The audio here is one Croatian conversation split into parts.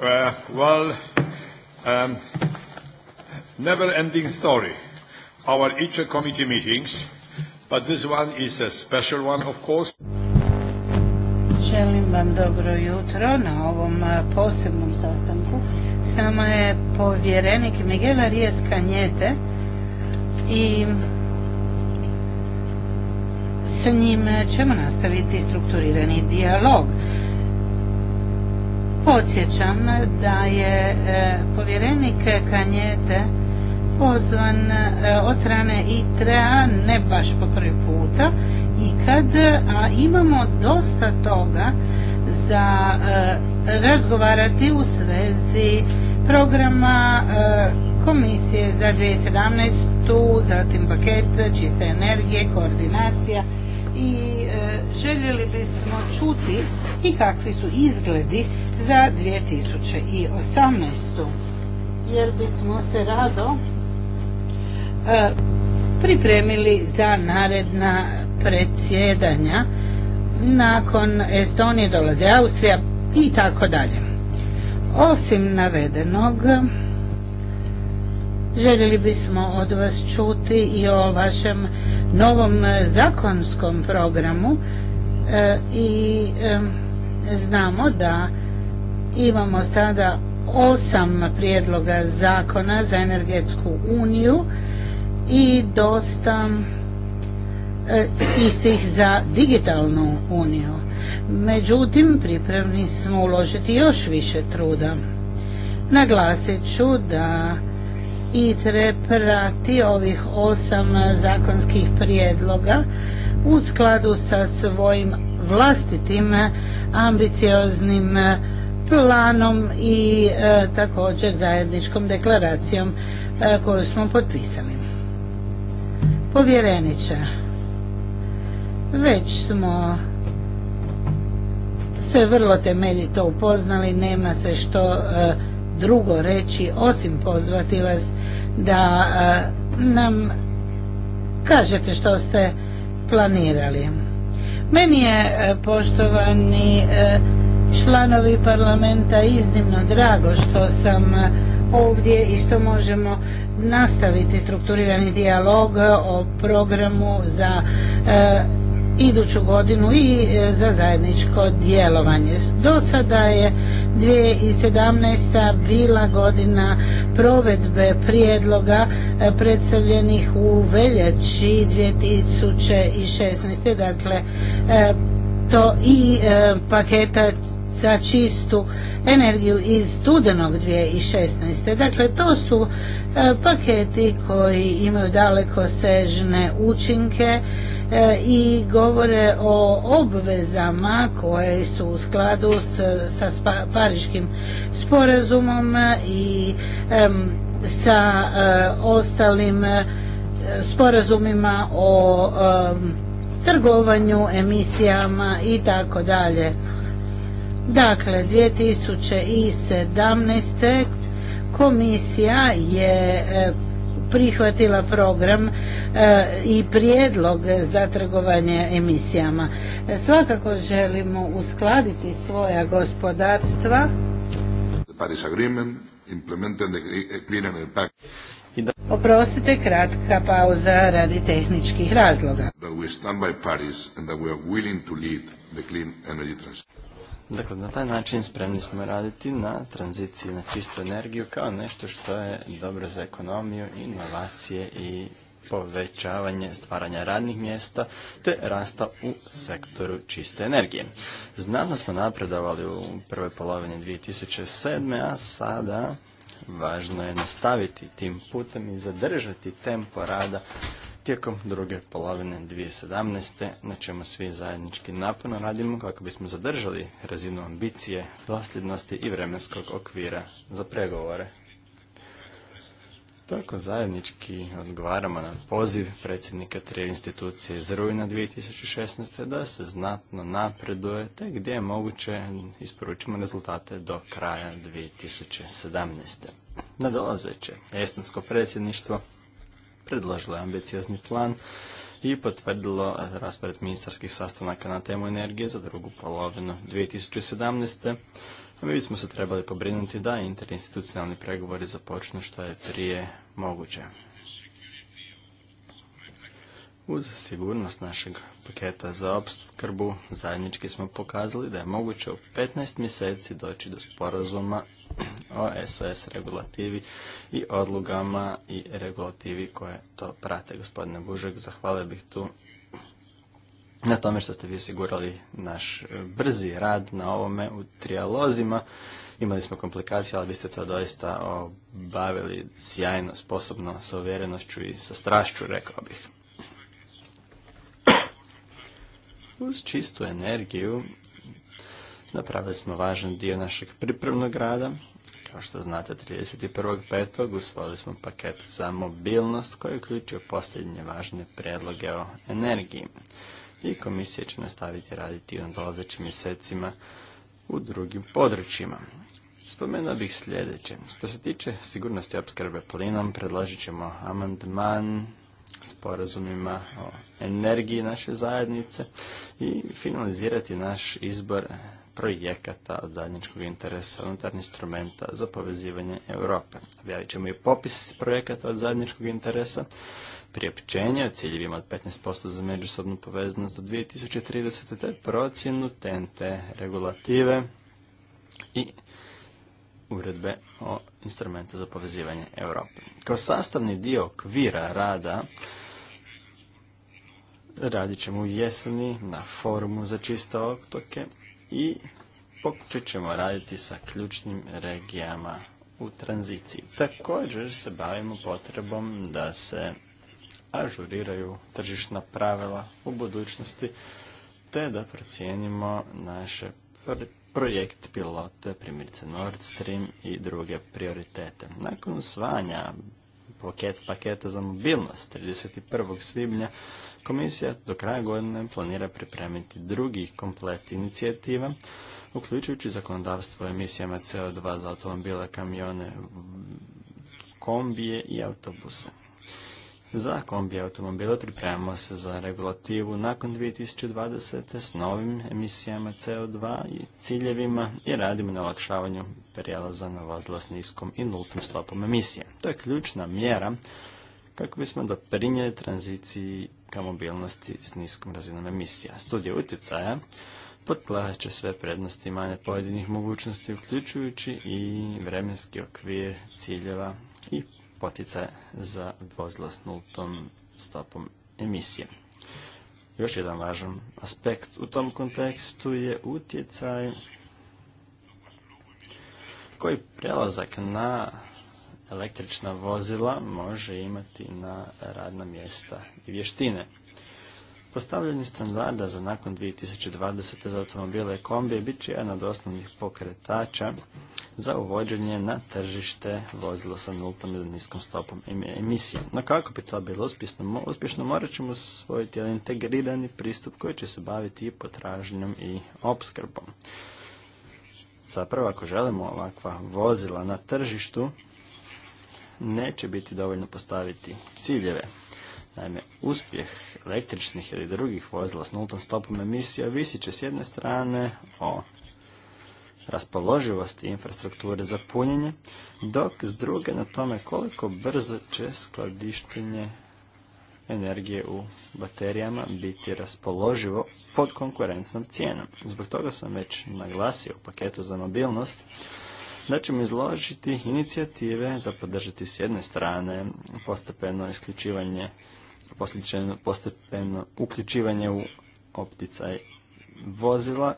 Uh, well, um, never-ending story. Our each committee meetings, but this one is a special one, of course. Želim vam dobro jutro na ovom uh, posebnom sastanku. S nama je povjerenik Miguel Arias Kanjete i s njime ćemo nastaviti strukturirani dijalog Podsjećam da je e, povjerenik Kanjete pozvan e, od strane ITREA ne baš po prvi puta i kad a imamo dosta toga za e, razgovarati u svezi programa komisije za 2017. zatim paket čiste energije, koordinacija i željeli bismo čuti i kakvi su izgledi za 2018. Jer bismo se rado e, pripremili za naredna predsjedanja nakon Estonije dolaze Austrija i tako dalje. Osim navedenog, željeli bismo od vas čuti i o vašem novom zakonskom programu e, i znamo da Imamo sada osam prijedloga zakona za energetsku uniju i dosta e, istih za digitalnu uniju. Međutim, pripremni smo uložiti još više truda. Naglasit ću da i prati ovih osam zakonskih prijedloga u skladu sa svojim vlastitim ambicioznim planom i e, također zajedničkom deklaracijom e, koju smo potpisali. Povjereniče, već smo se vrlo temeljito upoznali, nema se što e, drugo reći osim pozvati vas da nam kažete što ste planirali. Meni je poštovani članovi parlamenta iznimno drago što sam e, ovdje i što možemo nastaviti strukturirani dijalog e, o programu za e, iduću godinu i za zajedničko djelovanje. Do sada je 2017. bila godina provedbe prijedloga predstavljenih u veljači 2016. Dakle, to i paketa za čistu energiju iz studenog 2016. Dakle, to su e, paketi koji imaju daleko sežne učinke e, i govore o obvezama koje su u skladu sa Pariškim sporazumom e, i sa ostalim sporazumima o trgovanju, emisijama i tako dalje. Dakle, 2017. komisija je e, prihvatila program e, i prijedlog za trgovanje emisijama. E, svakako želimo uskladiti svoja gospodarstva eh, Oprostite, kratka pauza radi tehničkih razloga. Dakle, na taj način spremni smo raditi na tranziciji na čistu energiju kao nešto što je dobro za ekonomiju, inovacije i povećavanje stvaranja radnih mjesta te rasta u sektoru čiste energije. Znatno smo napredovali u prvoj polovini 2007. a sada važno je nastaviti tim putem i zadržati tempo rada tijekom druge polovine 2017. na čemu svi zajednički napuno radimo kako bismo zadržali razinu ambicije, dosljednosti i vremenskog okvira za pregovore. Tako zajednički odgovaramo na poziv predsjednika tri institucije iz rujna 2016. da se znatno napreduje te gdje je moguće isporučimo rezultate do kraja 2017. Nadolazeće estonsko predsjedništvo predložila ambiciozni plan i potvrdilo raspored ministarskih sastanaka na temu energije za drugu polovinu 2017. mi bismo se trebali pobrinuti da interinstitucionalni pregovori započnu što je prije moguće. Uz sigurnost našeg paketa za opskrbu zajednički smo pokazali da je moguće u 15 mjeseci doći do sporazuma o SOS regulativi i odlugama i regulativi koje to prate. Gospodine Bužek, zahvalio bih tu na tome što ste vi osigurali naš e, brzi rad na ovome u trijalozima. Imali smo komplikacije, ali vi ste to doista obavili sjajno, sposobno, sa uvjerenošću i sa strašću, rekao bih. Uz čistu energiju napravili smo važan dio našeg pripremnog rada. Kao što znate, 31.5. usvojili smo paket za mobilnost koji uključuje posljednje važne prijedloge o energiji. I komisija će nastaviti raditi u dolazećim mjesecima u drugim područjima. Spomenuo bih sljedeće. Što se tiče sigurnosti opskrbe plinom, predložit ćemo amandman sporazumima o energiji naše zajednice i finalizirati naš izbor projekata od zajedničkog interesa unutar instrumenta za povezivanje Europe. Objavit ćemo i popis projekata od zajedničkog interesa, priopćenje o ciljevima od 15% za međusobnu povezanost do 2030. te procjenu TNT regulative i uredbe o instrumentu za povezivanje Europe. Kao sastavni dio okvira rada radit ćemo u jeseni na forumu za čiste otoke i pokušat ćemo raditi sa ključnim regijama u tranziciji. Također se bavimo potrebom da se ažuriraju tržišna pravila u budućnosti te da procijenimo naše projekt pilote, primjerice Nord Stream i druge prioritete. Nakon usvajanja paket, paketa za mobilnost 31. svibnja, komisija do kraja godine planira pripremiti drugi komplet inicijativa, uključujući zakonodavstvo o emisijama CO2 za automobile, kamione, kombije i autobuse. Za kombi automobila pripremamo se za regulativu nakon 2020. s novim emisijama CO2 i ciljevima i radimo na olakšavanju prijelaza na vozila s niskom i nultom stopom emisije. To je ključna mjera kako bismo doprinijeli tranziciji ka mobilnosti s niskom razinom emisija. Studija utjecaja potplaćat će sve prednosti manje pojedinih mogućnosti, uključujući i vremenski okvir ciljeva i poticaje za vozila s nultom stopom emisije. Još jedan važan aspekt u tom kontekstu je utjecaj koji prelazak na električna vozila može imati na radna mjesta i vještine. Postavljanje standarda za nakon 2020. za automobile kombi kombije bit će jedan od osnovnih pokretača za uvođenje na tržište vozila sa nultom ili niskom stopom emisije. No kako bi to bilo uspješno, uspješno morat ćemo svojiti integrirani pristup koji će se baviti i potražnjom i opskrbom. Zapravo ako želimo ovakva vozila na tržištu, neće biti dovoljno postaviti ciljeve. Naime, uspjeh električnih ili drugih vozila s nultom stopom emisija visi će s jedne strane o raspoloživosti infrastrukture za punjenje, dok s druge na tome koliko brzo će skladištenje energije u baterijama biti raspoloživo pod konkurentnom cijenom. Zbog toga sam već naglasio u paketu za mobilnost da ćemo izložiti inicijative za podržati s jedne strane postepeno isključivanje, postepeno uključivanje u opticaj vozila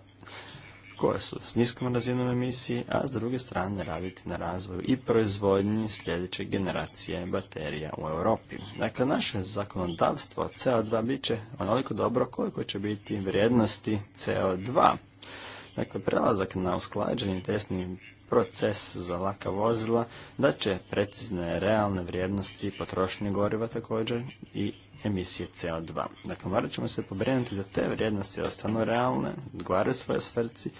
koje su s niskom razinom emisiji, a s druge strane raditi na razvoju i proizvodnji sljedeće generacije baterija u Europi. Dakle, naše zakonodavstvo CO2 bit će onoliko dobro koliko će biti vrijednosti CO2. Dakle, prelazak na usklađeni tesni proces za laka vozila, da će precizne realne vrijednosti potrošnje goriva također i emisije CO2. Dakle, morat ćemo se pobrinuti da te vrijednosti ostanu realne, odgovaraju svoje svrci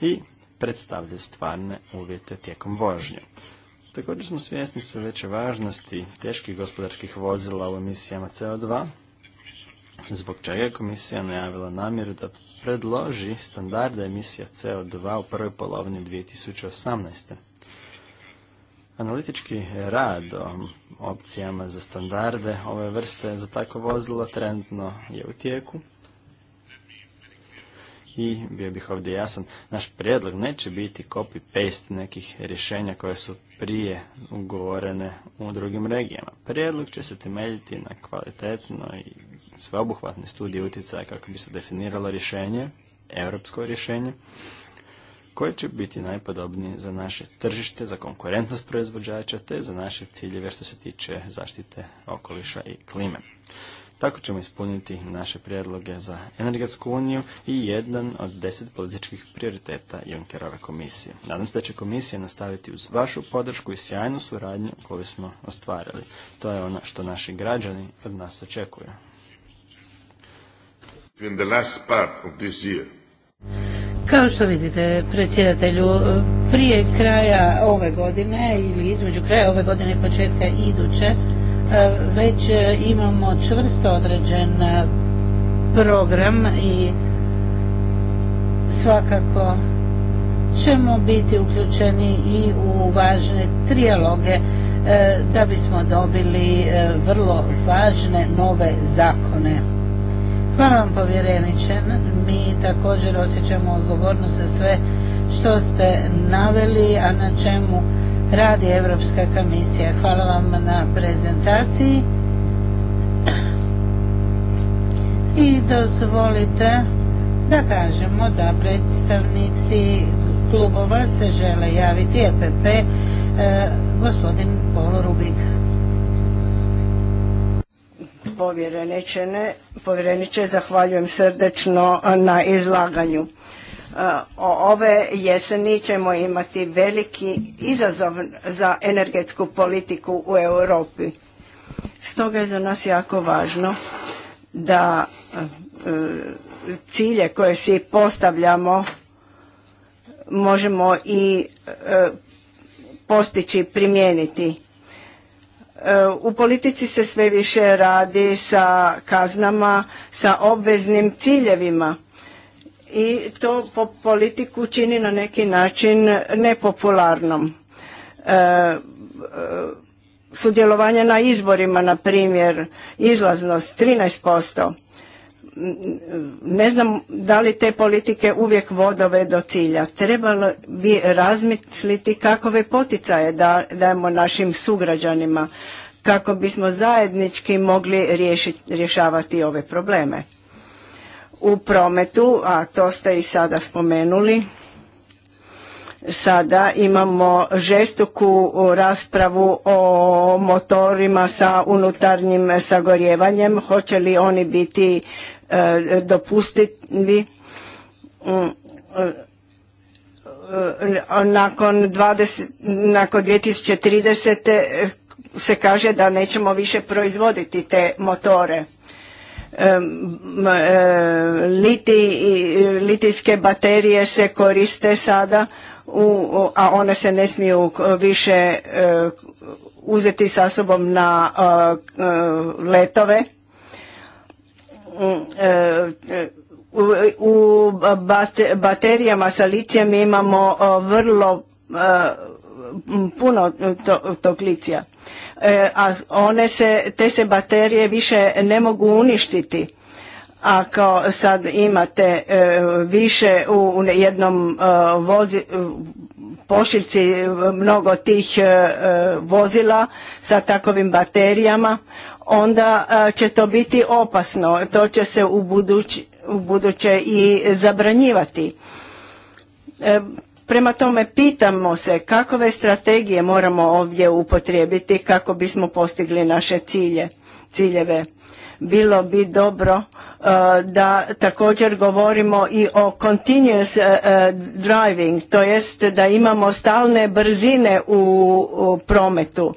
i predstavljaju stvarne uvjete tijekom vožnje. Također smo svjesni sve veće važnosti teških gospodarskih vozila u emisijama CO2, zbog čega je komisija najavila namjeru da predloži standarde emisija CO2 u prvoj polovini 2018. Analitički rad o opcijama za standarde ove vrste za tako vozilo trenutno je u tijeku. I bio bih ovdje jasan, naš prijedlog neće biti copy-paste nekih rješenja koje su prije ugovorene u drugim regijama. Prijedlog će se temeljiti na kvalitetnoj i sveobuhvatnoj studiji utjecaja kako bi se definiralo rješenje, europsko rješenje, koje će biti najpodobnije za naše tržište, za konkurentnost proizvođača te za naše ciljeve što se tiče zaštite okoliša i klime. Tako ćemo ispuniti naše prijedloge za energetsku uniju i jedan od deset političkih prioriteta Junkerove komisije. Nadam se da će komisija nastaviti uz vašu podršku i sjajnu suradnju koju smo ostvarili. To je ono što naši građani od nas očekuju. Kao što vidite, predsjedatelju, prije kraja ove godine ili između kraja ove godine i početka iduće, E, već e, imamo čvrsto određen e, program i svakako ćemo biti uključeni i u važne trijaloge da bismo dobili vrlo važne nove zakone. Hvala vam povjereniče, mi također osjećamo odgovornost za sve što ste naveli, a na čemu radi Europska komisija. Hvala vam na prezentaciji. I dozvolite da kažemo da predstavnici klubova se žele javiti EPP e, gospodin Polo Rubik. Povjereniče, povjereniče, zahvaljujem srdečno na izlaganju. E, ove jeseni ćemo imati veliki izazov za energetsku politiku u Europi. Stoga je za nas jako važno da e, cilje koje si postavljamo možemo i e, postići, primijeniti. U politici se sve više radi sa kaznama, sa obveznim ciljevima i to po politiku čini na neki način nepopularnom. E, e sudjelovanje na izborima, na primjer, izlaznost 13%. Ne znam da li te politike uvijek vodove do cilja. Trebalo bi razmisliti kakove poticaje da, dajemo našim sugrađanima kako bismo zajednički mogli rješavati ove probleme u prometu, a to ste i sada spomenuli, sada imamo žestoku raspravu o motorima sa unutarnjim sagorjevanjem, hoće li oni biti dopustiti? E, dopustivi mm, e, e, nakon, 20, nakon 2030. se kaže da nećemo više proizvoditi te motore litijske baterije se koriste sada, a one se ne smiju više e, uzeti sa sobom na e, e, letove. Mm, u baterijama sa litijem imamo vrlo puno e, to, e, a one se, te se baterije više ne mogu uništiti. ako sad imate e, više u, jednom vozi, pošiljci mnogo tih vozila sa takovim baterijama, onda će to biti opasno. To će se u, u buduće i zabranjivati Prema tome pitamo se kakove strategije moramo ovdje upotrijebiti kako bismo postigli naše ciljeve. Bilo bi dobro e, da također govorimo i o continuous e, e, driving, to jest da imamo stalne brzine u, prometu.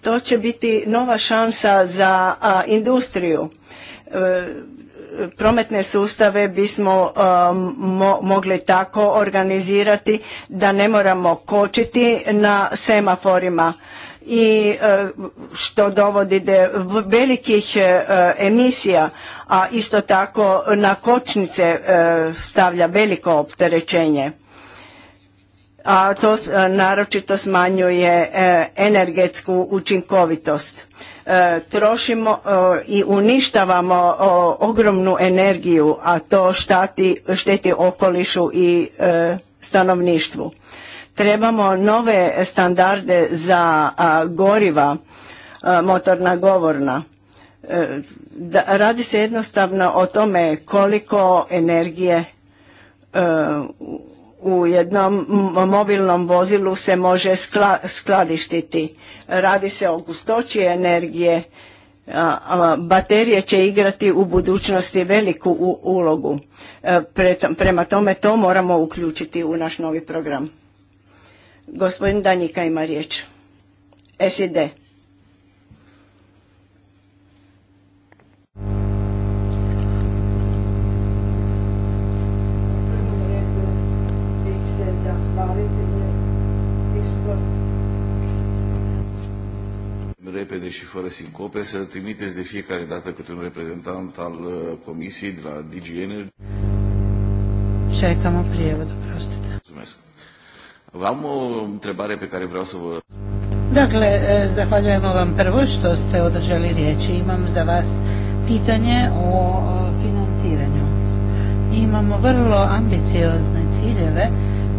To će biti nova šansa za industriju prometne sustave bismo um, mogli tako organizirati da ne moramo kočiti na semaforima i uh, što dovodi do velikih uh, emisija, a isto tako na kočnice uh, stavlja veliko opterećenje a to e, naročito smanjuje e, energetsku učinkovitost. E, trošimo i uništavamo ogromnu energiju, a to šteti okolišu i stanovništvu. Trebamo nove standarde za goriva, motorna govorna. radi se jednostavno o tome koliko energije u jednom mobilnom vozilu se može skladištiti. Radi se o gustoći energije. Baterije će igrati u budućnosti veliku ulogu. E, prema tome to moramo uključiti u naš novi program. Gospodin Danjika ima riječ. SID. repede și fără sincope, să trimiteți de fiecare dată câte un reprezentant al uh, Comisiei de la DG Energy. Čekamo prijevod, prostită. Mulțumesc. Am o întrebare pe care vreau să vă... Dakle, e, zahvaljujemo vam prvo što ste održali riječi. Imam za vas pitanje o financiranju. Imamo vrlo ambiciozne ciljeve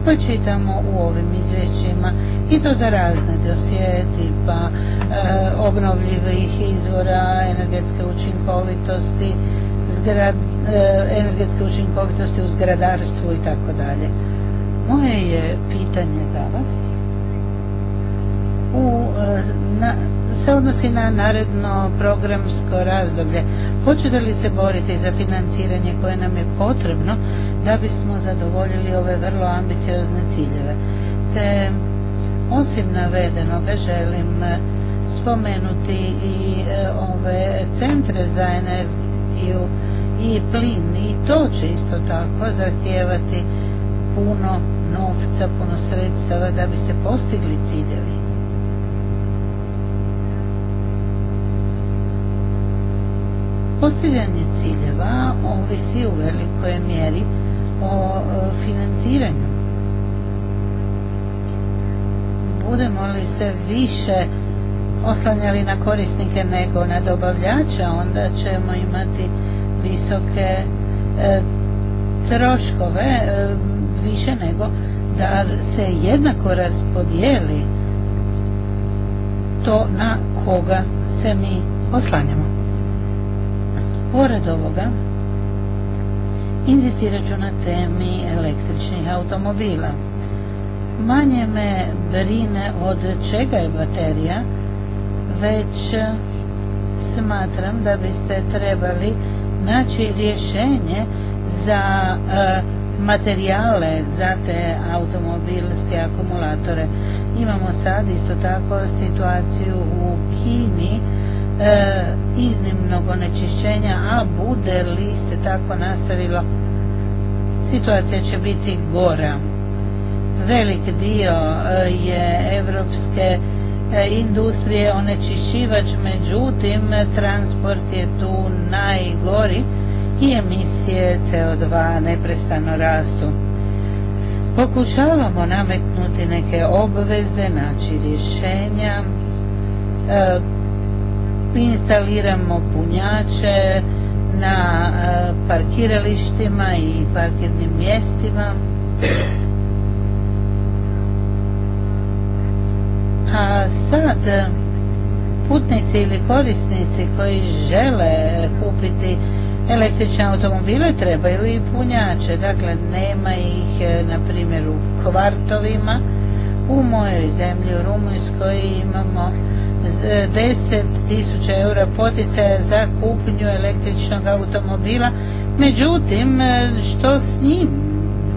koje pa čitamo u ovim izvješćima i to za razne dosije tipa e, obnovljivih izvora, energetske učinkovitosti, zgrad, e, energetske učinkovitosti u zgradarstvu i tako dalje. Moje je pitanje za vas u, e, na, se odnosi na naredno programsko razdoblje. Hoćete li se boriti za financiranje koje nam je potrebno da bismo zadovoljili ove vrlo ambiciozne ciljeve. Te osim navedenoga želim e, spomenuti i e, ove centre za energiju i plin i to će isto tako zahtijevati puno novca, puno sredstava da bi se postigli ciljevi. Postizanje ciljeva ovisi u velikoj mjeri o e, financiranju. Budemo li se više oslanjali na korisnike nego na dobavljača, onda ćemo imati visoke e, troškove e, više nego da se jednako raspodijeli to na koga se mi oslanjamo. Pored ovoga, inzistirat ću na temi električnih automobila. Manje me brine od čega je baterija, već smatram da biste trebali naći rješenje za e, materijale za te automobilske akumulatore. Imamo sad isto tako situaciju u Kini e, iznimnog onečišćenja, a bude li se tako nastavilo situacija će biti gora. Velik dio e, je evropske e, industrije onečišćivač, međutim transport je tu najgori i emisije CO2 neprestano rastu. Pokušavamo nametnuti neke obveze, naći rješenja, e, instaliramo punjače, na e, parkiralištima i parkirnim mjestima. A sad e, putnici ili korisnici koji žele kupiti električne automobile trebaju i punjače. Dakle, nema ih, e, na primjer, u kvartovima. U mojoj zemlji, u Rumunjskoj, imamo deset tisuća eura poticaja za kupnju električnog automobila. Međutim, e, što s njim?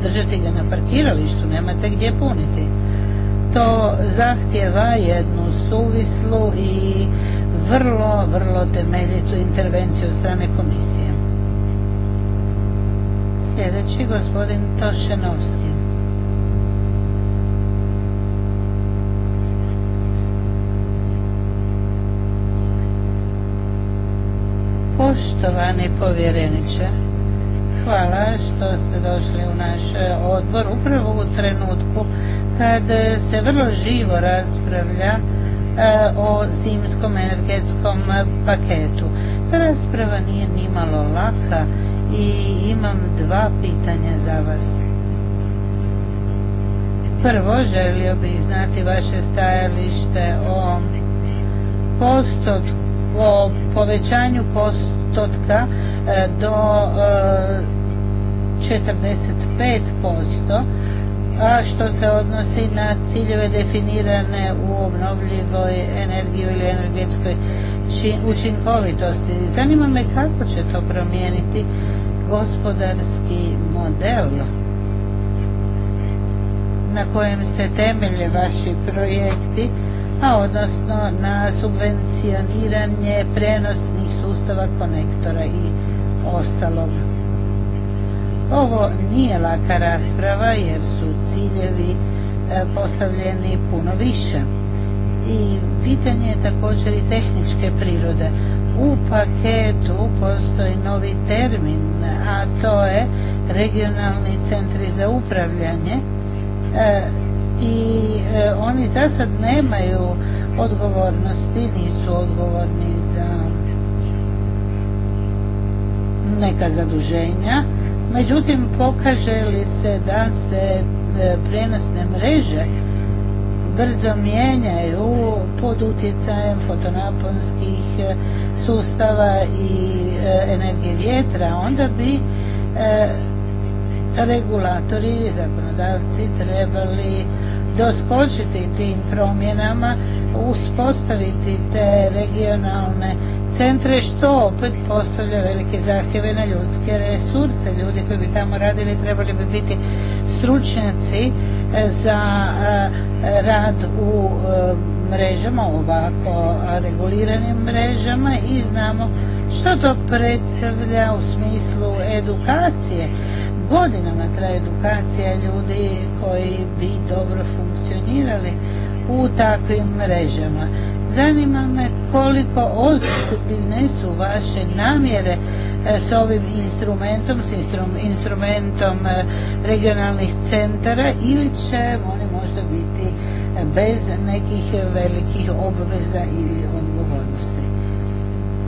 Držati ga na parkiralištu, nemate gdje puniti. To zahtjeva jednu suvislu i vrlo, vrlo temeljitu intervenciju strane komisije. Sljedeći gospodin Tošenovski. Poštovani povjereniče, hvala što ste došli u naš e, odbor upravo u trenutku kad e, se vrlo živo raspravlja e, o zimskom energetskom paketu. Ta rasprava nije nimalo laka i imam dva pitanja za vas. Prvo, želio bih znati vaše stajalište o postotku, o povećanju posto postotka e, do 45%, e, a što se odnosi na ciljeve definirane u obnovljivoj energiji ili energetskoj učinkovitosti. Zanima me kako će to promijeniti gospodarski model na kojem se temelje vaši projekti a odnosno na subvencioniranje prenosnih sustava konektora i ostalog. Ovo nije laka rasprava jer su ciljevi e, postavljeni puno više. I pitanje je također i tehničke prirode. U paketu postoji novi termin, a to je regionalni centri za upravljanje. E, i e, oni za sad nemaju odgovornosti, nisu odgovorni za neka zaduženja. Međutim, pokaže li se da se e, prijenosne prenosne mreže brzo mijenjaju pod utjecajem fotonaponskih e, sustava i energije vjetra, onda bi regulatori, zakonodavci trebali doskočiti tim promjenama, uspostaviti te regionalne centre što opet postavlja velike zahtjeve na ljudske resurse. Ljudi koji bi tamo radili trebali bi biti stručnjaci e, za e, rad u e, mrežama, ovako reguliranim mrežama i znamo što to predstavlja u smislu edukacije. Godinama traje edukacija ljudi koji bi dobro funkcionirali funkcionirali u takvim mrežama. Zanima me koliko ozbiljne su vaše namjere e, s ovim instrumentom, s instrumentom e, regionalnih centara ili će oni možda biti e, bez nekih velikih obveza ili odgovornosti.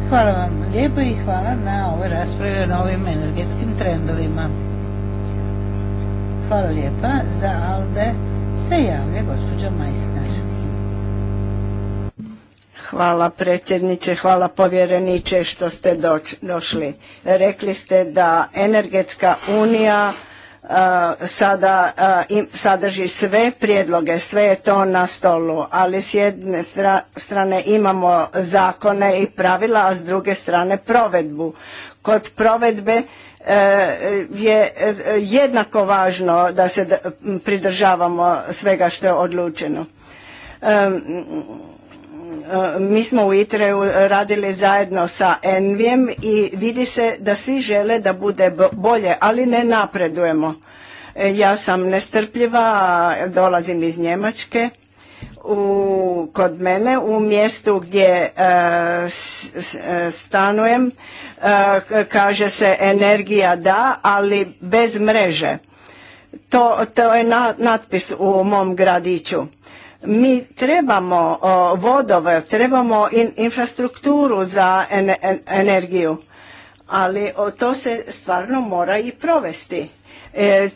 Hvala vam lijepo i hvala na ovoj raspravi o novim energetskim trendovima. Hvala lijepa za Alde se javlja gospođa majstar. Hvala predsjedniče, hvala povjereniče što ste došli. Rekli ste da energetska unija sada sadrži sve prijedloge, sve je to na stolu, ali s jedne strane imamo zakone i pravila, a s druge strane provedbu. Kod provedbe je eh, jednako važno da se pridržavamo svega što je odlučeno. Eh, mi smo u ITRE-u radili zajedno sa Envijem i vidi se da svi žele da bude bolje, ali ne napredujemo. Eh, ja sam nestrpljiva, dolazim iz Njemačke u, kod mene u mjestu gdje e, e, stanujem e, kaže se energija da, ali bez mreže. To, to je na, natpis u mom gradiću. Mi trebamo o, vodove, trebamo in, infrastrukturu za energiju, ali o, to se stvarno mora i provesti.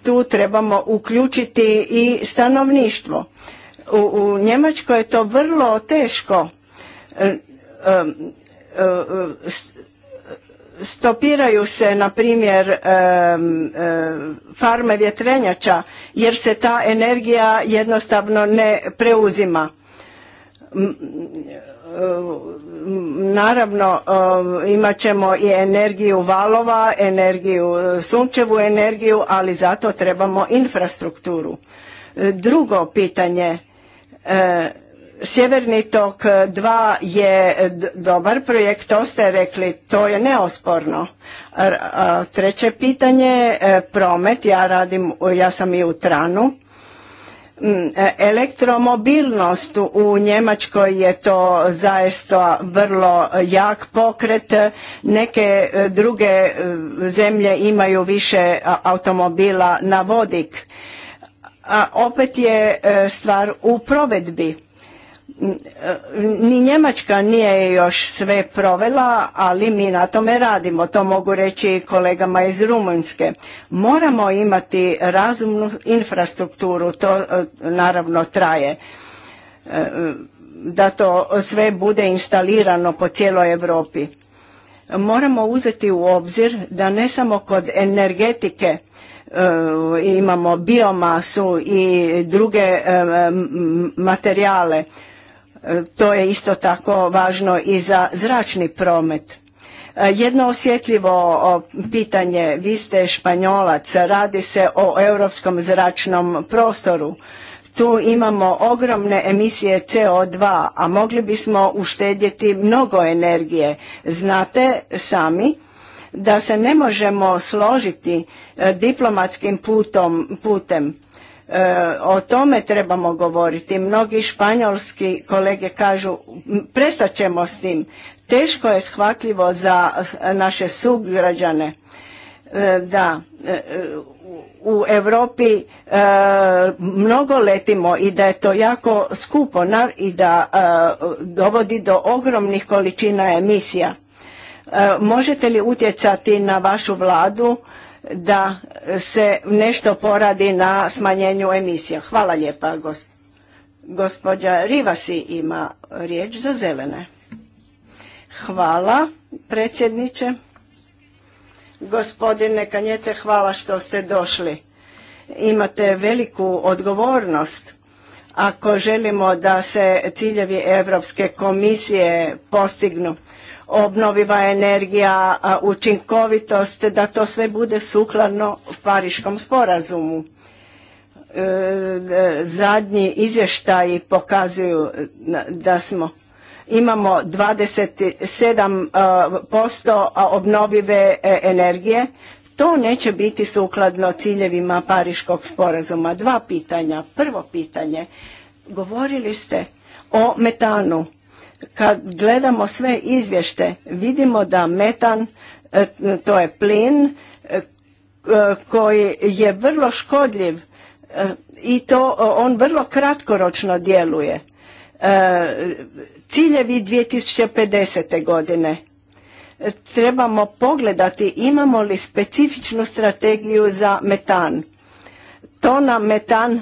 tu trebamo uključiti i stanovništvo. U, u Njemačkoj je to vrlo teško. E, e, e, stopiraju se, na primjer, farme vjetrenjača, jer se ta energija jednostavno ne preuzima. Naravno, imat ćemo i energiju valova, energiju, sunčevu energiju, ali zato trebamo infrastrukturu. Drugo pitanje, E, sjeverni tok 2 je dobar projekt, to ste rekli, to je neosporno. Treće pitanje, e, promet, ja radim, ja sam i u Tranu. Mm, e, elektromobilnost u Njemačkoj je to zaista vrlo jak pokret. Neke druge zemlje imaju više automobila na vodik a opet je e, stvar u provedbi. E, ni Njemačka nije još sve provela, ali mi na tome radimo. To mogu reći kolegama iz Rumunjske. Moramo imati razumnu infrastrukturu, to e, naravno traje. Da to sve bude instalirano po cijeloj Europi. Moramo uzeti u obzir da ne samo kod energetike, E, imamo biomasu i druge e, materijale. E, to je isto tako važno i za zračni promet. Jedno osjetljivo pitanje, vi ste španjolac, radi se o europskom zračnom prostoru. Tu imamo ogromne emisije CO2, a mogli bismo uštedjeti mnogo energije. Znate sami da se ne možemo složiti e, diplomatskim putom, putem. E, o tome trebamo govoriti. Mnogi španjolski kolege kažu prestat ćemo s tim. Teško je shvatljivo za naše sugrađane e, da u Europi mnogo letimo i da je to jako skupo i da dovodi do ogromnih količina emisija E, možete li utjecati na vašu vladu da se nešto poradi na smanjenju emisija? Hvala lijepa. Gospođa Rivasi ima riječ za zelene. Hvala predsjedniče. Gospodine Kanjete, hvala što ste došli. Imate veliku odgovornost ako želimo da se ciljevi Europske komisije postignu obnoviva energija, učinkovitost, da to sve bude sukladno Pariškom sporazumu. E, e, zadnji izvještaji pokazuju e, da smo imamo 27% obnovive energije. To neće biti sukladno ciljevima Pariškog sporazuma. Dva pitanja. Prvo pitanje, govorili ste o metanu kad gledamo sve izvješte, vidimo da metan, e, to je plin e, e, koji je vrlo škodljiv i to on vrlo kratkoročno djeluje. Ciljevi 2050. godine trebamo pogledati imamo li specifičnu strategiju za metan. Tona metan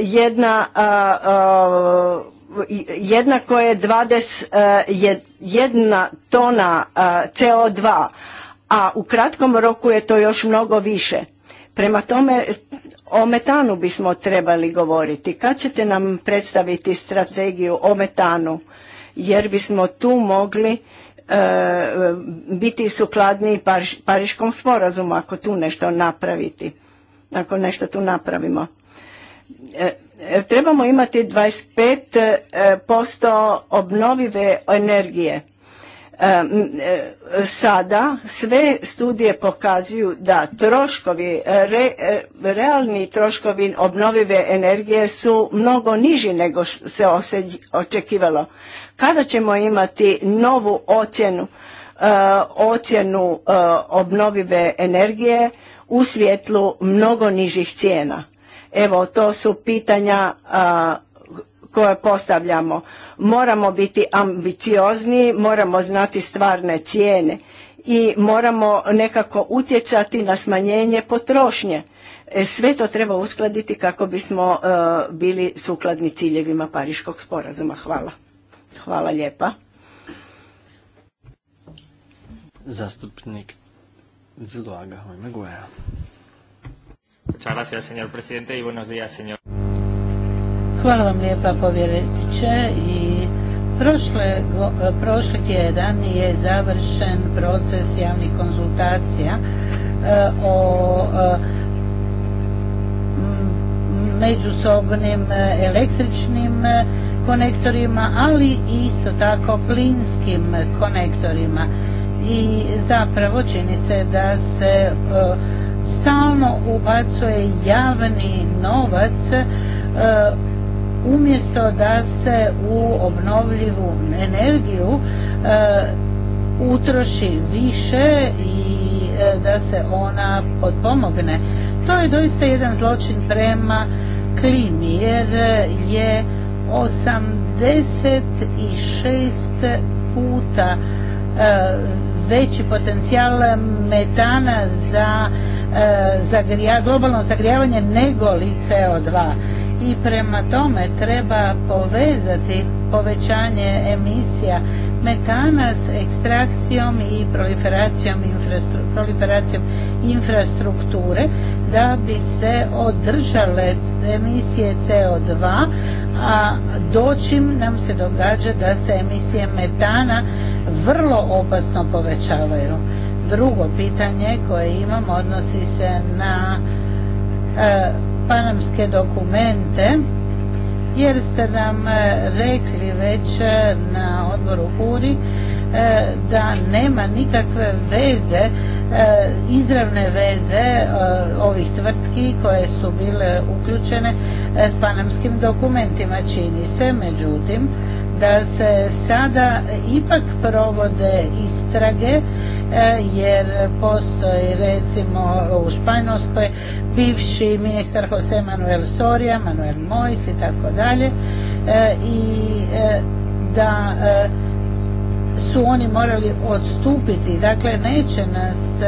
jedna jednako je 20, e, jedna tona e, CO2, a u kratkom roku je to još mnogo više. Prema tome, o metanu bismo trebali govoriti. Kad ćete nam predstaviti strategiju o metanu? Jer bismo tu mogli e, biti sukladni Pariškom sporazumu ako tu nešto napraviti. Ako nešto tu napravimo trebamo imati 25% e, obnovive energije. E, e, sada sve studije pokazuju da troškovi, realni troškovi obnovive energije su mnogo niži nego se očekivalo. Kada ćemo imati novu ocjenu, ocjenu obnovive energije u svjetlu mnogo nižih cijena? Evo, to su pitanja koja koje postavljamo. Moramo biti ambiciozni, moramo znati stvarne cijene i moramo nekako utjecati na smanjenje potrošnje. E, sve to treba uskladiti kako bismo e, bili sukladni ciljevima Pariškog sporazuma. Hvala. Hvala lijepa. Zastupnik Ziluaga Hvala vam lijepa, povjereniče. I prošle, prošli tjedan je završen proces javnih konzultacija e, o e, međusobnim e, električnim konektorima, ali isto tako plinskim konektorima. I zapravo čini se da se stalno ubacuje javni novac e, umjesto da se u obnovljivu energiju e, utroši više i e, da se ona potpomogne. To je doista jedan zločin prema klimi jer je 86 puta veći potencijal metana za E, globalno zagrijavanje nego li CO2 i prema tome treba povezati povećanje emisija metana s ekstrakcijom i proliferacijom, proliferacijom infrastrukture da bi se održale emisije CO2 a dočim nam se događa da se emisije metana vrlo opasno povećavaju drugo pitanje koje imam odnosi se na e, panamske dokumente jer ste nam e, rekli već e, na odboru Huri da nema nikakve veze, izravne veze ovih tvrtki koje su bile uključene s panamskim dokumentima. Čini se, međutim, da se sada ipak provode istrage e, jer postoji recimo u Španjolskoj bivši ministar Jose Manuel Soria, Manuel Mois i tako dalje e, i e, da su oni morali odstupiti dakle neće nas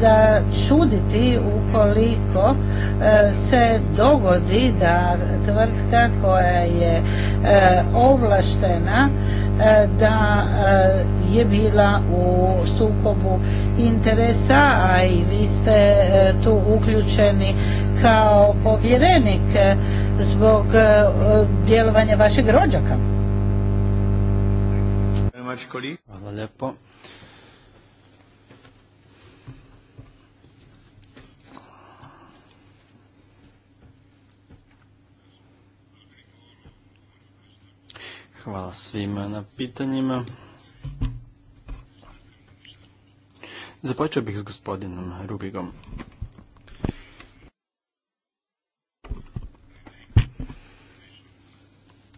začuditi ukoliko e, se dogodi da tvrtka koja je e, ovlaštena e, da je bila u sukobu interesa, a i vi ste tu uključeni kao povjerenik zbog djelovanja vašeg rođaka. Hvala lijepo. Hvala svima na pitanjima. Započeo bih s gospodinom Rubigom.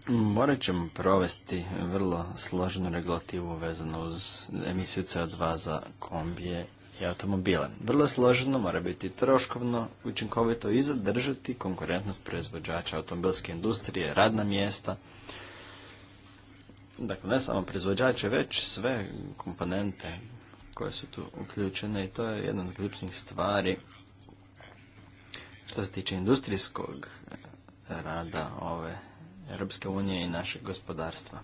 Morat ćemo provesti vrlo složenu regulativu vezanu uz emisiju CO2 za kombije i automobile. Vrlo složeno mora biti troškovno, učinkovito i zadržati konkurentnost proizvođača automobilske industrije, radna mjesta – dakle ne samo proizvođače, već sve komponente koje su tu uključene i to je jedna od ključnih stvari što se tiče industrijskog e, rada ove Europske unije i našeg gospodarstva.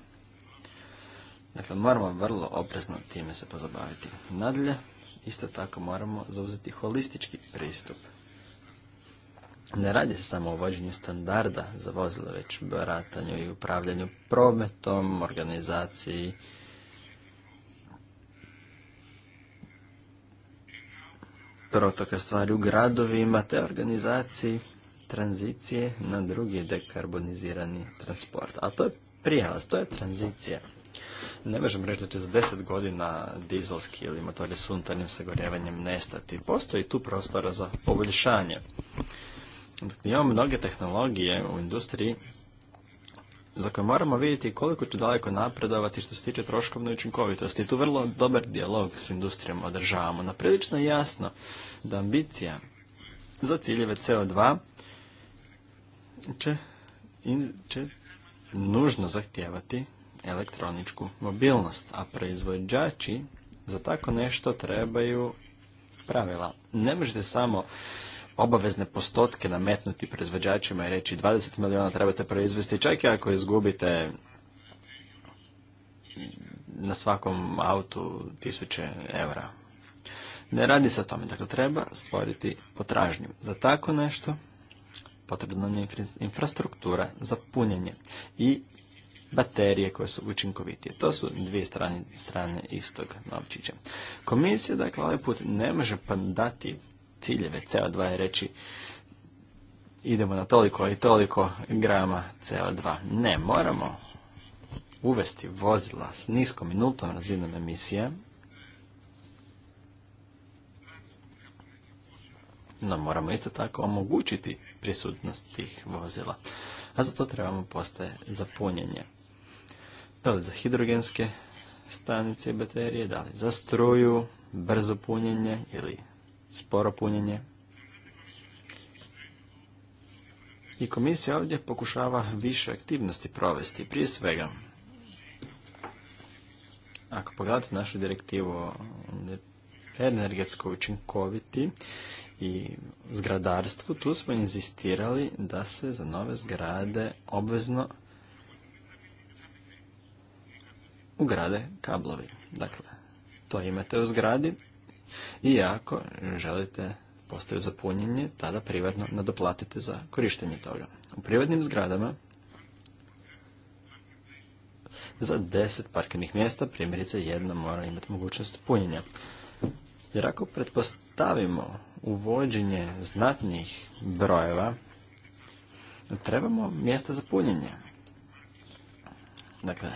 Dakle, moramo vrlo oprezno time se pozabaviti. Nadalje, isto tako moramo zauzeti holistički pristup ne radi se samo o vođenju standarda za vozilo, već baratanju i upravljanju prometom, organizaciji. protoka stvari u gradovima te organizaciji tranzicije na drugi dekarbonizirani transport. A to je prijelaz, to je tranzicija. Ne možemo reći da će za deset godina dizelski ili motori s unutarnjim sagorjevanjem nestati. Postoji tu prostora za poboljšanje. Dakle, imamo mnoge tehnologije u industriji za koje moramo vidjeti koliko će daleko napredovati što se tiče troškovne učinkovitosti. tu vrlo dobar dijalog s industrijom održavamo. Na prilično jasno da ambicija za ciljeve CO2 će, će nužno zahtijevati elektroničku mobilnost, a proizvođači za tako nešto trebaju pravila. Ne možete samo obavezne postotke nametnuti proizvođačima i reći 20 milijuna trebate proizvesti, čak i ako izgubite na svakom autu tisuće eura. Ne radi se o tome, dakle treba stvoriti potražnju. Za tako nešto potrebna nam je infrastruktura za punjenje i baterije koje su učinkovitije. To su dvije strane, strane istog novčića. Komisija, dakle, ovaj put ne može pa dati ciljeve CO2 je reći idemo na toliko i toliko grama CO2. Ne, moramo uvesti vozila s niskom i nultom razinom emisije, no moramo isto tako omogućiti prisutnost tih vozila, a za to trebamo postaje za punjenje. Da li za hidrogenske stanice i baterije, da li za struju, brzo punjenje ili sporo punjenje. I komisija ovdje pokušava više aktivnosti provesti. Prije svega, ako pogledate našu direktivu o energetsko učinkoviti i zgradarstvu, tu smo inzistirali da se za nove zgrade obvezno ugrade kablovi. Dakle, to imate u zgradi, i ako želite postaju za punjenje, tada privatno nadoplatite za korištenje toga. U privatnim zgradama za deset parkirnih mjesta primjerice jedna mora imati mogućnost punjenja. Jer ako pretpostavimo uvođenje znatnih brojeva, trebamo mjesta za punjenje. Dakle,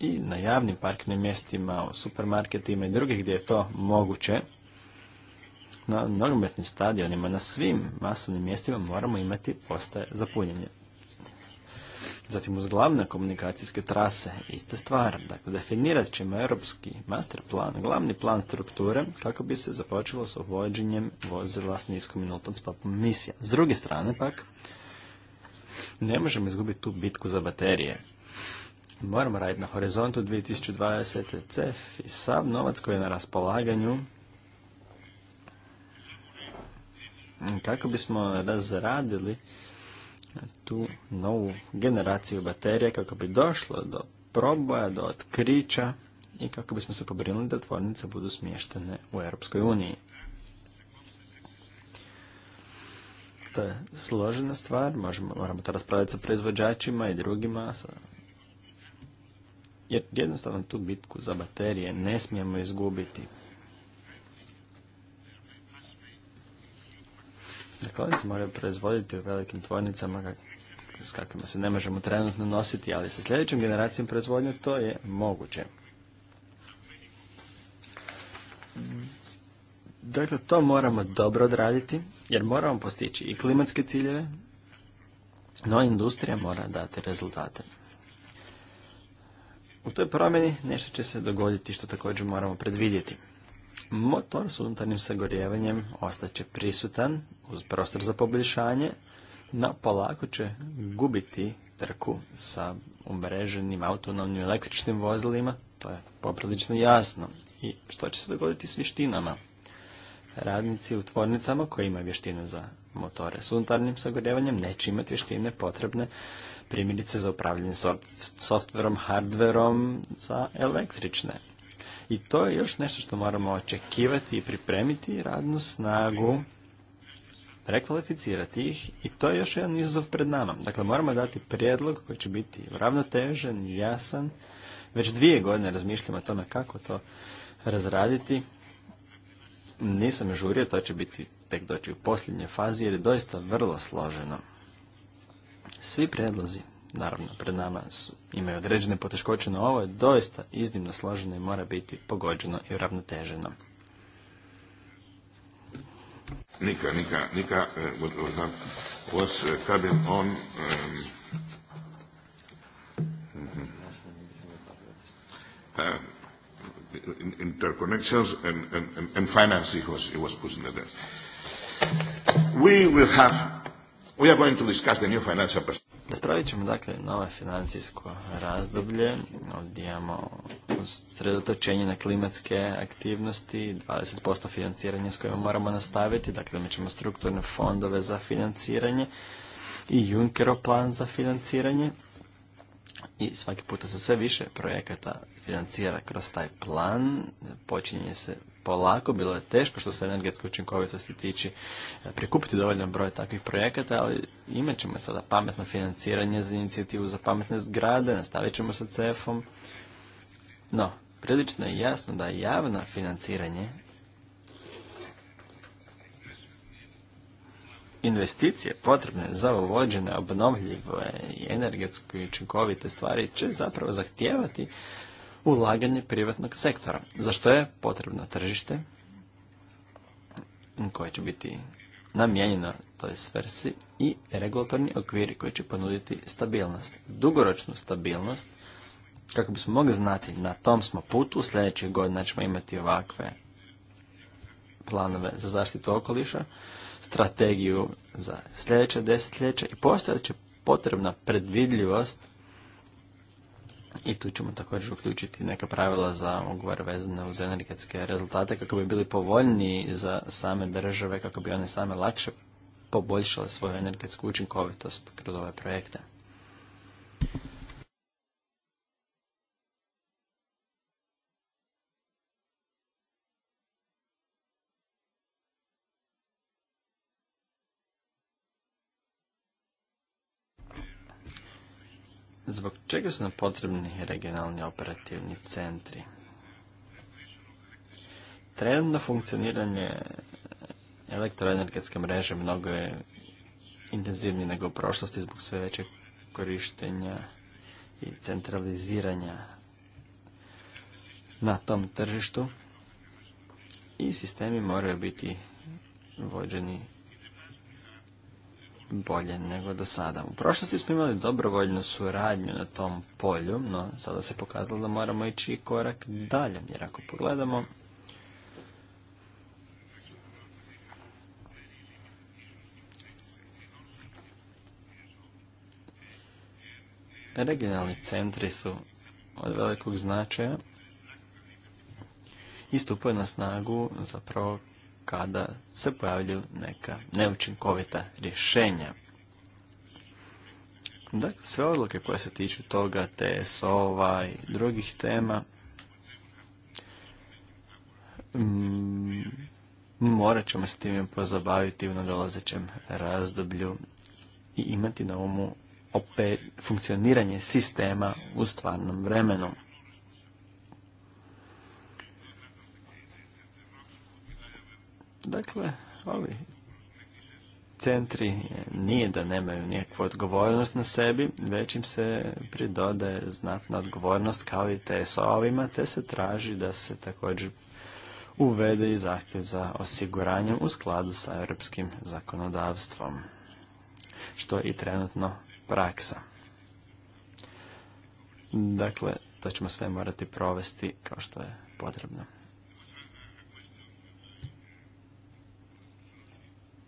i na javnim parknim mjestima, u supermarketima i drugih gdje je to moguće, na nogometnim stadionima, na svim masovnim mjestima moramo imati postaje za punjenje. Zatim uz glavne komunikacijske trase, ista stvar, dakle definirat ćemo europski master plan, glavni plan strukture kako bi se započelo s uvođenjem vozila s niskom minutom stopom misija. S druge strane pak, ne možemo izgubiti tu bitku za baterije moramo raditi na horizontu 2020. CEF i sav novac koji je na raspolaganju kako bismo razradili tu novu generaciju baterije, kako bi došlo do proboja, do otkrića i kako bismo se pobrinuli da tvornice budu smještene u Europskoj uniji. To je složena stvar, moramo to raspraviti sa proizvođačima i drugima, sa jer jednostavno tu bitku za baterije ne smijemo izgubiti. Dakle, oni se moraju proizvoditi u velikim tvornicama s kakvima se ne možemo trenutno nositi, ali sa sljedećom generacijom proizvodnje to je moguće. Dakle, to moramo dobro odraditi, jer moramo postići i klimatske ciljeve, no industrija mora dati rezultate. U toj promjeni nešto će se dogoditi što također moramo predvidjeti. Motor s unutarnjim sagorjevanjem ostaće prisutan uz prostor za poboljšanje, no polako će gubiti trku sa umreženim autonomnim električnim vozilima, to je poprilično jasno. I što će se dogoditi s vještinama? Radnici u tvornicama koji imaju vještine za motore s unutarnjim sagorjevanjem neće imati vještine potrebne primjerice za upravljanje softverom, hardverom za električne. I to je još nešto što moramo očekivati i pripremiti radnu snagu, prekvalificirati ih i to je još jedan izazov pred nama. Dakle, moramo dati prijedlog koji će biti ravnotežen, jasan. Već dvije godine razmišljamo o tome kako to razraditi. Nisam žurio, to će biti tek doći u posljednje fazi jer je doista vrlo složeno. Svi predlozi, naravno, pred nama su, imaju određene poteškoće, no ovo je doista iznimno složeno i mora biti pogođeno i uravnoteženo. Nika, Nika, Nika uh, was, uh, on um, uh, interconnections and, and, and finance, he was, he was pushing the that. We will have We are ćemo dakle nove financijsko razdoblje. Ovdje imamo sredotočenje na klimatske aktivnosti, 20% financiranja s kojima moramo nastaviti, dakle mi ćemo strukturne fondove za financiranje i Junckerov plan za financiranje i svaki puta se sve više projekata financira kroz taj plan. Počinje se polako, bilo je teško što se energetske učinkovitosti tiče e, prikupiti dovoljan broj takvih projekata, ali imat ćemo sada pametno financiranje za inicijativu za pametne zgrade, nastavit ćemo sa CEF-om. No, prilično je jasno da javno financiranje investicije potrebne za uvođene obnovljive i energetske i učinkovite stvari će zapravo zahtijevati ulaganje privatnog sektora, za što je potrebno tržište koje će biti namijenjeno toj sversi i regulatorni okviri koji će ponuditi stabilnost, dugoročnu stabilnost, kako bismo mogli znati na tom smo putu, u sljedećeg godina ćemo imati ovakve planove za zaštitu okoliša, strategiju za sljedeće desetljeće i postojat će potrebna predvidljivost i tu ćemo također uključiti neka pravila za ugovor vezane uz energetske rezultate kako bi bili povoljniji za same države, kako bi one same lakše poboljšale svoju energetsku učinkovitost kroz ove projekte. Zbog čega su nam potrebni regionalni operativni centri? Trenutno funkcioniranje elektroenergetske mreže mnogo je intenzivnije nego u prošlosti zbog sve većeg korištenja i centraliziranja na tom tržištu i sistemi moraju biti vođeni bolje nego do sada. U prošlosti smo imali dobrovoljnu suradnju na tom polju, no sada se pokazalo da moramo ići korak dalje, jer ako pogledamo Regionalni centri su od velikog značaja i stupaju na snagu zapravo kada se pojavljuju neka neučinkovita rješenja. Dakle, sve odluke koje se tiču toga, TSO-ova i drugih tema, mm, morat ćemo se tim pozabaviti u nadolazećem razdoblju i imati na umu funkcioniranje sistema u stvarnom vremenu. Dakle, ovi centri nije da nemaju nikakvu odgovornost na sebi, već im se pridodaje znatna odgovornost kao i TSO-ovima, te se traži da se također uvede i zahtjev za osiguranje u skladu sa europskim zakonodavstvom, što je i trenutno praksa. Dakle, to ćemo sve morati provesti kao što je potrebno.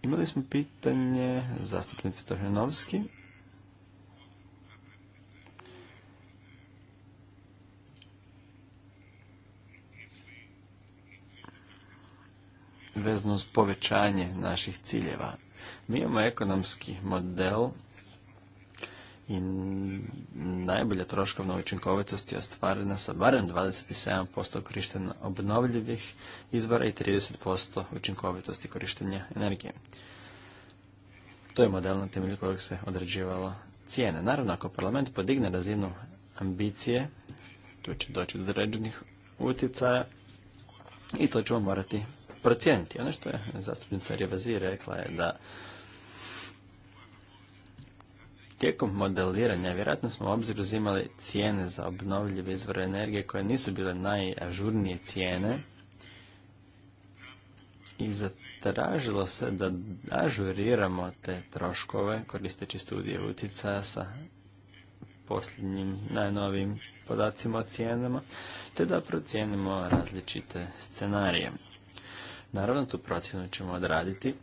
Imali smo pitanje zastupnice Tohenovski. Vezno uz povećanje naših ciljeva. Mi imamo ekonomski model i najbolja troškovna učinkovitost je ostvarena sa barem 27% korištenja obnovljivih izvora i 30% učinkovitosti korištenja energije. To je model na temelju kojeg se određivalo cijene. Naravno, ako parlament podigne razinu ambicije, tu će doći do određenih utjecaja i to ćemo morati procijeniti. Ono što je zastupnica Rivazi rekla je da Tijekom modeliranja vjerojatno smo u obzir uzimali cijene za obnovljive izvore energije koje nisu bile najažurnije cijene i zatražilo se da ažuriramo te troškove koristeći studije utjecaja sa posljednjim najnovijim podacima o cijenama, te da procijenimo različite scenarije. Naravno, tu procjenu ćemo odraditi,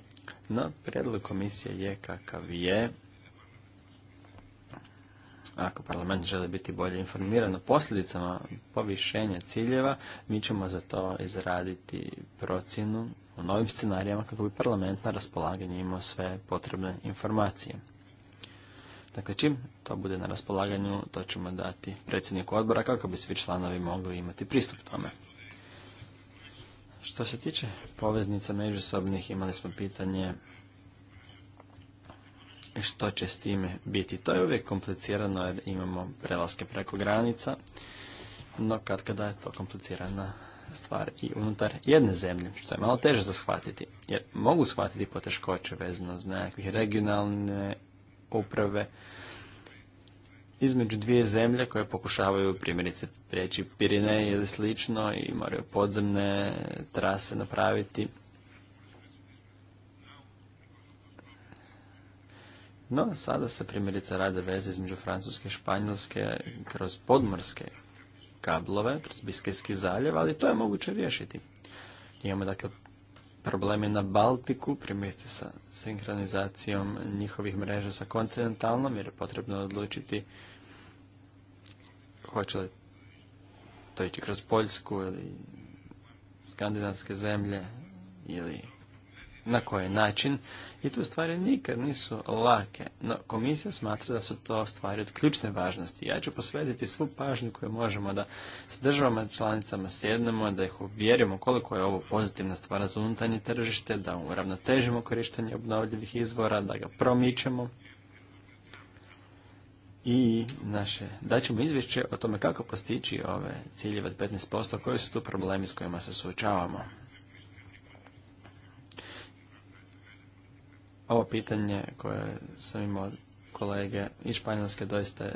no predlog komisije je kakav je, ako parlament želi biti bolje informiran o posljedicama povišenja ciljeva, mi ćemo za to izraditi procjenu u novim scenarijama kako bi parlament na raspolaganje imao sve potrebne informacije. Dakle, čim to bude na raspolaganju, to ćemo dati predsjedniku odbora kako bi svi članovi mogli imati pristup tome. Što se tiče poveznica međusobnih, imali smo pitanje što će s time biti. To je uvijek komplicirano jer imamo prelaske preko granica, no kad kada je to komplicirana stvar i unutar jedne zemlje, što je malo teže za shvatiti, jer mogu shvatiti poteškoće vezano uz nekakvih regionalne uprave između dvije zemlje koje pokušavaju primjerice prijeći Pirineje ili slično i moraju podzemne trase napraviti No, sada se primjerice rade veze između Francuske i Španjolske kroz podmorske kablove, kroz Biskajski zaljev, ali to je moguće riješiti. Imamo dakle probleme na Baltiku, primjerice sa sinkronizacijom njihovih mreža sa kontinentalnom, jer je potrebno odlučiti hoće li to ići kroz Poljsku ili skandinavske zemlje ili na koji način i tu stvari nikad nisu lake, no komisija smatra da su to stvari od ključne važnosti. Ja ću posvetiti svu pažnju koju možemo da s državama članicama sjednemo, da ih uvjerimo koliko je ovo pozitivna stvar za unutarnje tržište, da uravnotežimo korištenje obnovljivih izvora, da ga promičemo i naše, daćemo izvješće o tome kako postići ove ciljeve od 15%, koji su tu problemi s kojima se suočavamo. Ovo pitanje koje sam imao kolege iz Španjolske doista je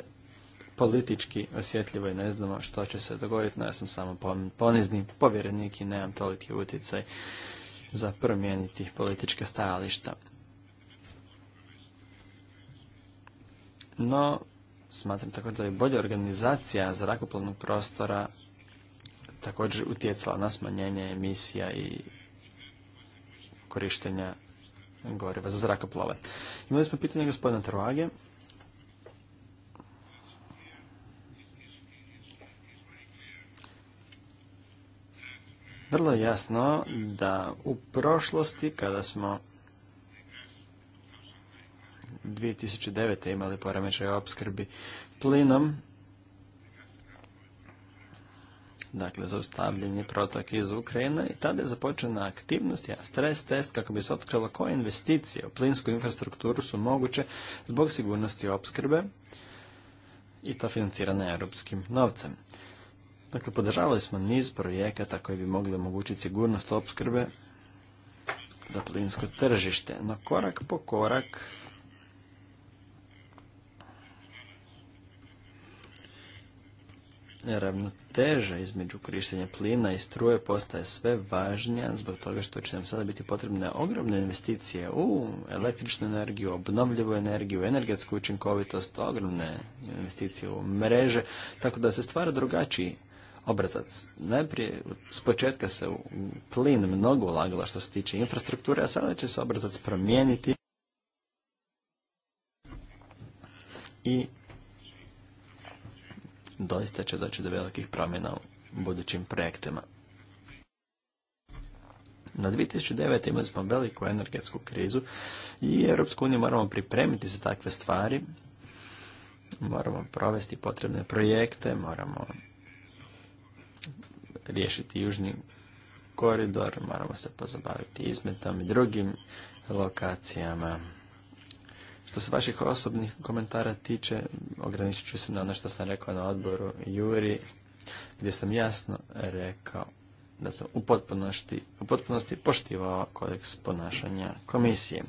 politički osjetljivo i ne znamo što će se dogoditi, no ja sam samo ponizni povjerenik i nemam toliki utjecaj za promijeniti politička stajališta. No, smatram tako da je bolja organizacija zrakoplovnog prostora također utjecala na smanjenje emisija i korištenja goriva za zrakoplove. Imali smo pitanje gospodina Trvage. Vrlo je jasno da u prošlosti kada smo 2009. imali poremećaj opskrbi plinom, dakle, zaustavljanje protok iz Ukrajine i tada je započena aktivnost, ja stres test kako bi se otkrilo koje investicije u plinsku infrastrukturu su moguće zbog sigurnosti opskrbe i to financirane europskim novcem. Dakle, podržavali smo niz projekata koji bi mogli omogućiti sigurnost opskrbe za plinsko tržište, no korak po korak ravnoteža između korištenja plina i struje postaje sve važnija zbog toga što će nam sada biti potrebne ogromne investicije u električnu energiju, obnovljivu energiju, energetsku učinkovitost, ogromne investicije u mreže, tako da se stvara drugačiji obrazac. Najprije s početka se u plin mnogo ulagalo što se tiče infrastrukture, a sada će se obrazac promijeniti i doista će doći do velikih promjena u budućim projektima. Na 2009. imali smo veliku energetsku krizu i Europsku uniju moramo pripremiti za takve stvari. Moramo provesti potrebne projekte, moramo riješiti južni koridor, moramo se pozabaviti izmetom i drugim lokacijama. Što se vaših osobnih komentara tiče, ograničit ću se na ono što sam rekao na odboru Juri, gdje sam jasno rekao da sam u potpunosti, u potpunosti poštivao kodeks ponašanja komisije.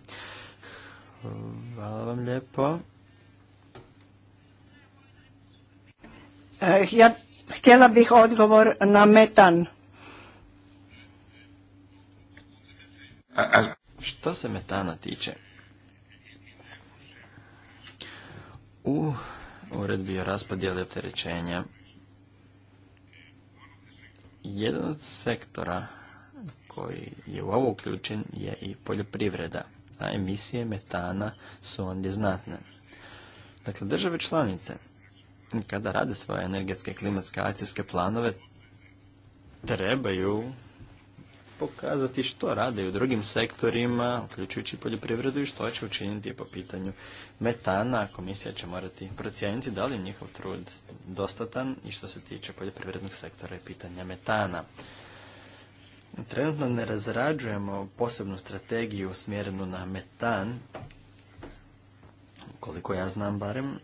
Hvala vam lijepo. Eh, ja htjela bih odgovor na metan. Što se metana tiče? u uredbi o raspodjeli opterećenja. Jedan od sektora koji je u ovo uključen je i poljoprivreda, a emisije metana su ondje znatne. Dakle, države članice, kada rade svoje energetske klimatske akcijske planove, trebaju pokazati što rade u drugim sektorima, uključujući poljoprivredu i što će učiniti po pitanju metana. Komisija će morati procijeniti da li je njihov trud dostatan i što se tiče poljoprivrednog sektora i pitanja metana. Trenutno ne razrađujemo posebnu strategiju usmjerenu na metan, koliko ja znam barem,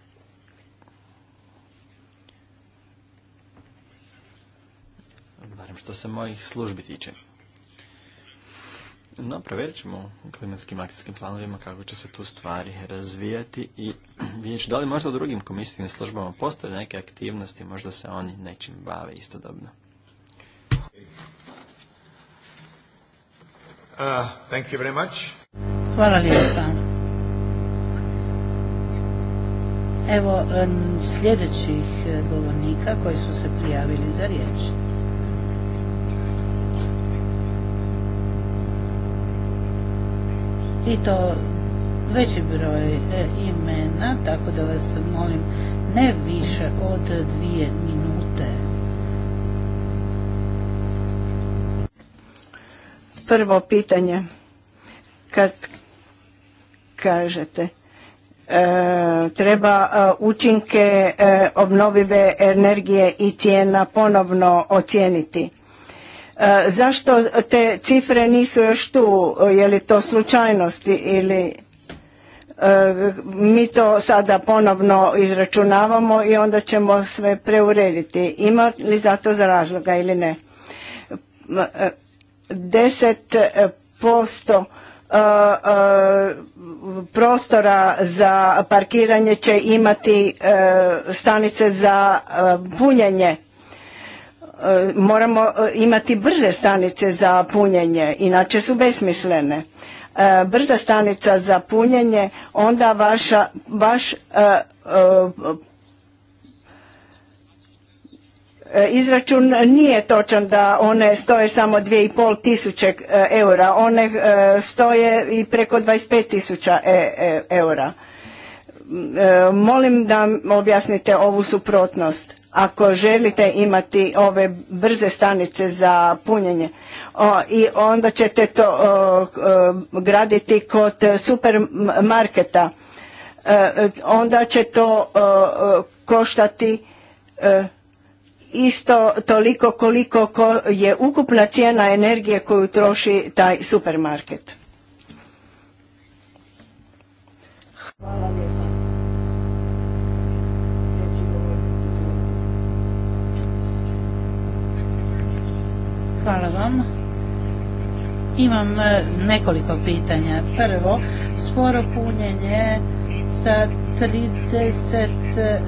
barem što se mojih službi tiče. No, provjerit ćemo u klimatskim akcijskim planovima kako će se tu stvari razvijati i vidjet da li možda u drugim komisijskim službama postoje neke aktivnosti, možda se oni nečim bave istodobno. Uh, thank you very much. Hvala lijepa. Evo sljedećih eh, govornika koji su se prijavili za riječ. i to veći broj e, imena, tako da vas molim ne više od dvije minute. Prvo pitanje, kad kažete e, treba e, učinke obnovive energije i cijena ponovno ocijeniti. E, zašto te cifre nisu još tu? Je li to slučajnosti ili e, mi to sada ponovno izračunavamo i onda ćemo sve preurediti. Ima li to za razloga ili ne? 10% e, prostora za parkiranje će imati stanice za punjenje E, moramo e, imati brze stanice za punjenje, inače su besmislene. E, brza stanica za punjenje, onda vaša, vaš izračun nije točan da one stoje samo 2,5 tisuće eura, one stoje i preko 25 tisuća eura. Molim da objasnite ovu suprotnost ako želite imati ove brze stanice za punjenje i onda ćete to graditi kod supermarketa e, onda će to koštati e, isto toliko koliko je ukupna cijena energije koju troši taj supermarket. Hvala Hvala vam. Imam e, nekoliko pitanja. Prvo, sporo punjenje sa 35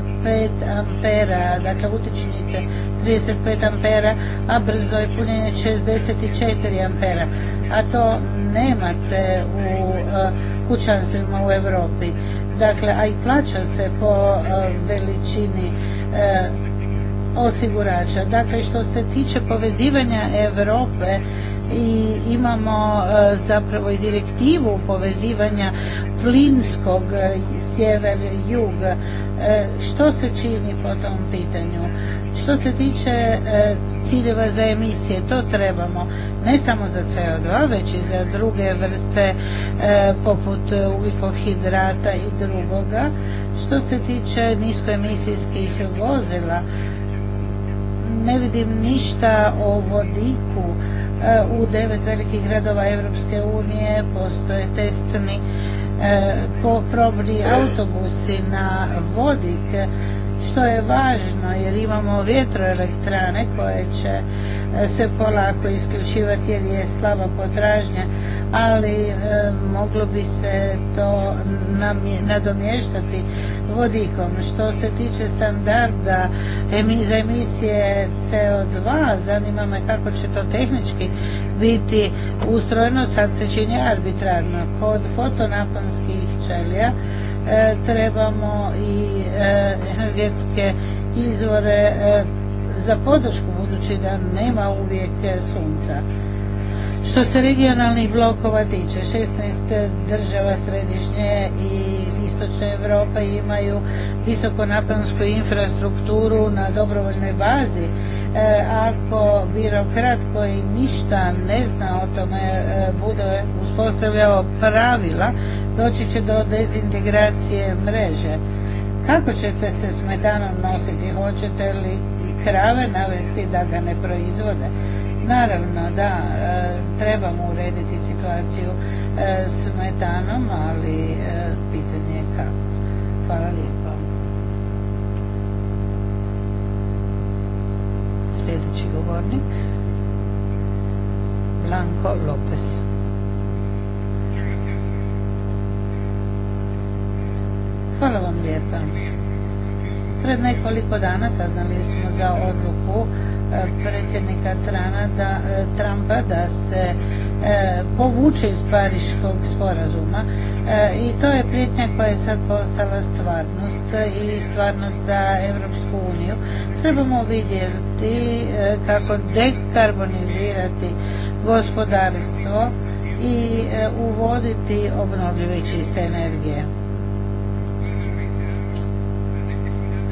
ampera, dakle utičnice 35 ampera, a brzo je punjenje 64 ampera. A to nemate u e, kućanstvima u Europi. Dakle, a i plaća se po e, veličini osigurača. Dakle, što se tiče povezivanja Europe i imamo e, zapravo i direktivu povezivanja plinskog sjever-jug. E, što se čini po tom pitanju? Što se tiče e, ciljeva za emisije, to trebamo ne samo za CO2, već i za druge vrste poput ugljikohidrata i drugoga. Što se tiče niskoemisijskih vozila, ne vidim ništa o vodiku eh, u devet velikih gradova Europske unije postoje testni eh, autobusi na vodik što je važno jer imamo vjetroelektrane koje će e, se polako isključivati jer je slaba potražnja, ali e, moglo bi se to nadomještati vodikom. Što se tiče standarda za emisije CO2, zanima me kako će to tehnički biti ustrojeno, sad se čini arbitrarno. Kod fotonaponskih ćelija E, trebamo i e, energetske izvore e, za podršku budući da nema uvijek sunca. Što se regionalnih blokova tiče, 16 država središnje i istočne Europe imaju visokonaponsku infrastrukturu na dobrovoljnoj bazi. ako birokrat koji ništa ne zna o tome bude uspostavljao pravila doći će do dezintegracije mreže. Kako ćete se s metanom nositi? Hoćete li krave navesti da ga ne proizvode? Naravno, da, e, trebamo urediti situaciju e, s metanom, ali e, pitanje je kako. Hvala lijepo. Sljedeći govornik, Blanko Lopez. Hvala vam lijepa. Pred nekoliko dana saznali smo za odluku e, predsjednika Trana da, e, Trumpa da se e, povuče iz Pariškog sporazuma i to je prijetnja koja je sad postala stvarnost i stvarnost za Europsku uniju. Trebamo vidjeti kako dekarbonizirati gospodarstvo i uvoditi obnovljive i čiste energije.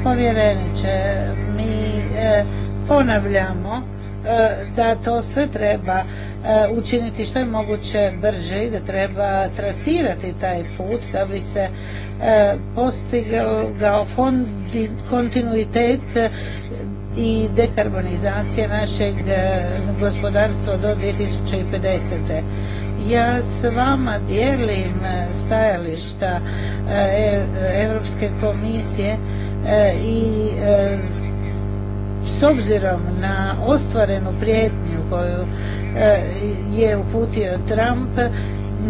povjereniče, mi e, ponavljamo e, da to sve treba e, učiniti što je moguće brže i da treba trasirati taj put da bi se postigao kontinuitet i dekarbonizacija našeg gospodarstva do 2050. Ja s vama dijelim stajališta Europske komisije E, i e, s obzirom na ostvarenu prijetnju koju e, je uputio Trump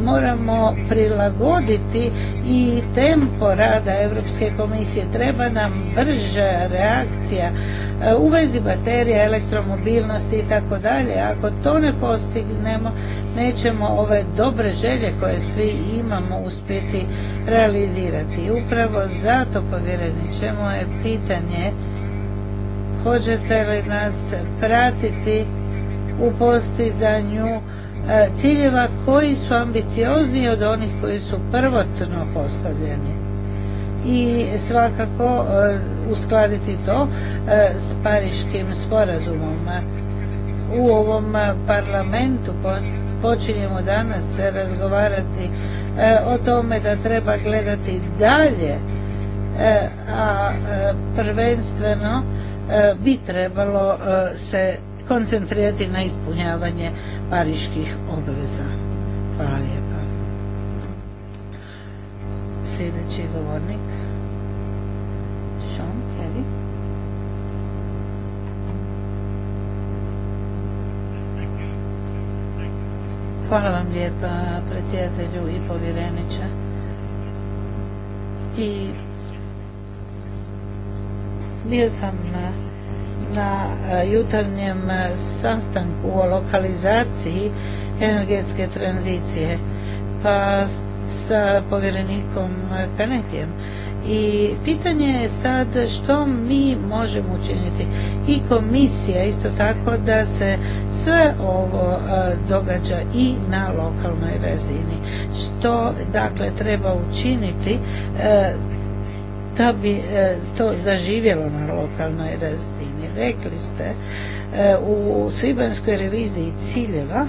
moramo prilagoditi i tempo rada Europske komisije. Treba nam brža reakcija u vezi baterija, elektromobilnosti i tako dalje. Ako to ne postignemo, nećemo ove dobre želje koje svi imamo uspjeti realizirati. Upravo zato, povjereniče, je pitanje hoćete li nas pratiti u postizanju e, ciljeva koji su ambiciozniji od onih koji su prvotno postavljeni i svakako e, uskladiti to e, s pariškim sporazumom u ovom parlamentu počinjemo danas razgovarati e, o tome da treba gledati dalje, e, a e, prvenstveno bi trebalo se koncentrirati na ispunjavanje pariških obveza. Hvala lijepa. Sljedeći govornik. Hvala vam lijepa predsjedatelju i povjereniče. I bio sam na e, jutarnjem e, sastanku o lokalizaciji energetske tranzicije pa sa povjerenikom Kanetijem i pitanje je sad što mi možemo učiniti. I komisija isto tako da se sve ovo e, događa i na lokalnoj razini. Što dakle treba učiniti e, da bi e, to zaživjelo na lokalnoj razini. Rekli ste u Svibanskoj reviziji ciljeva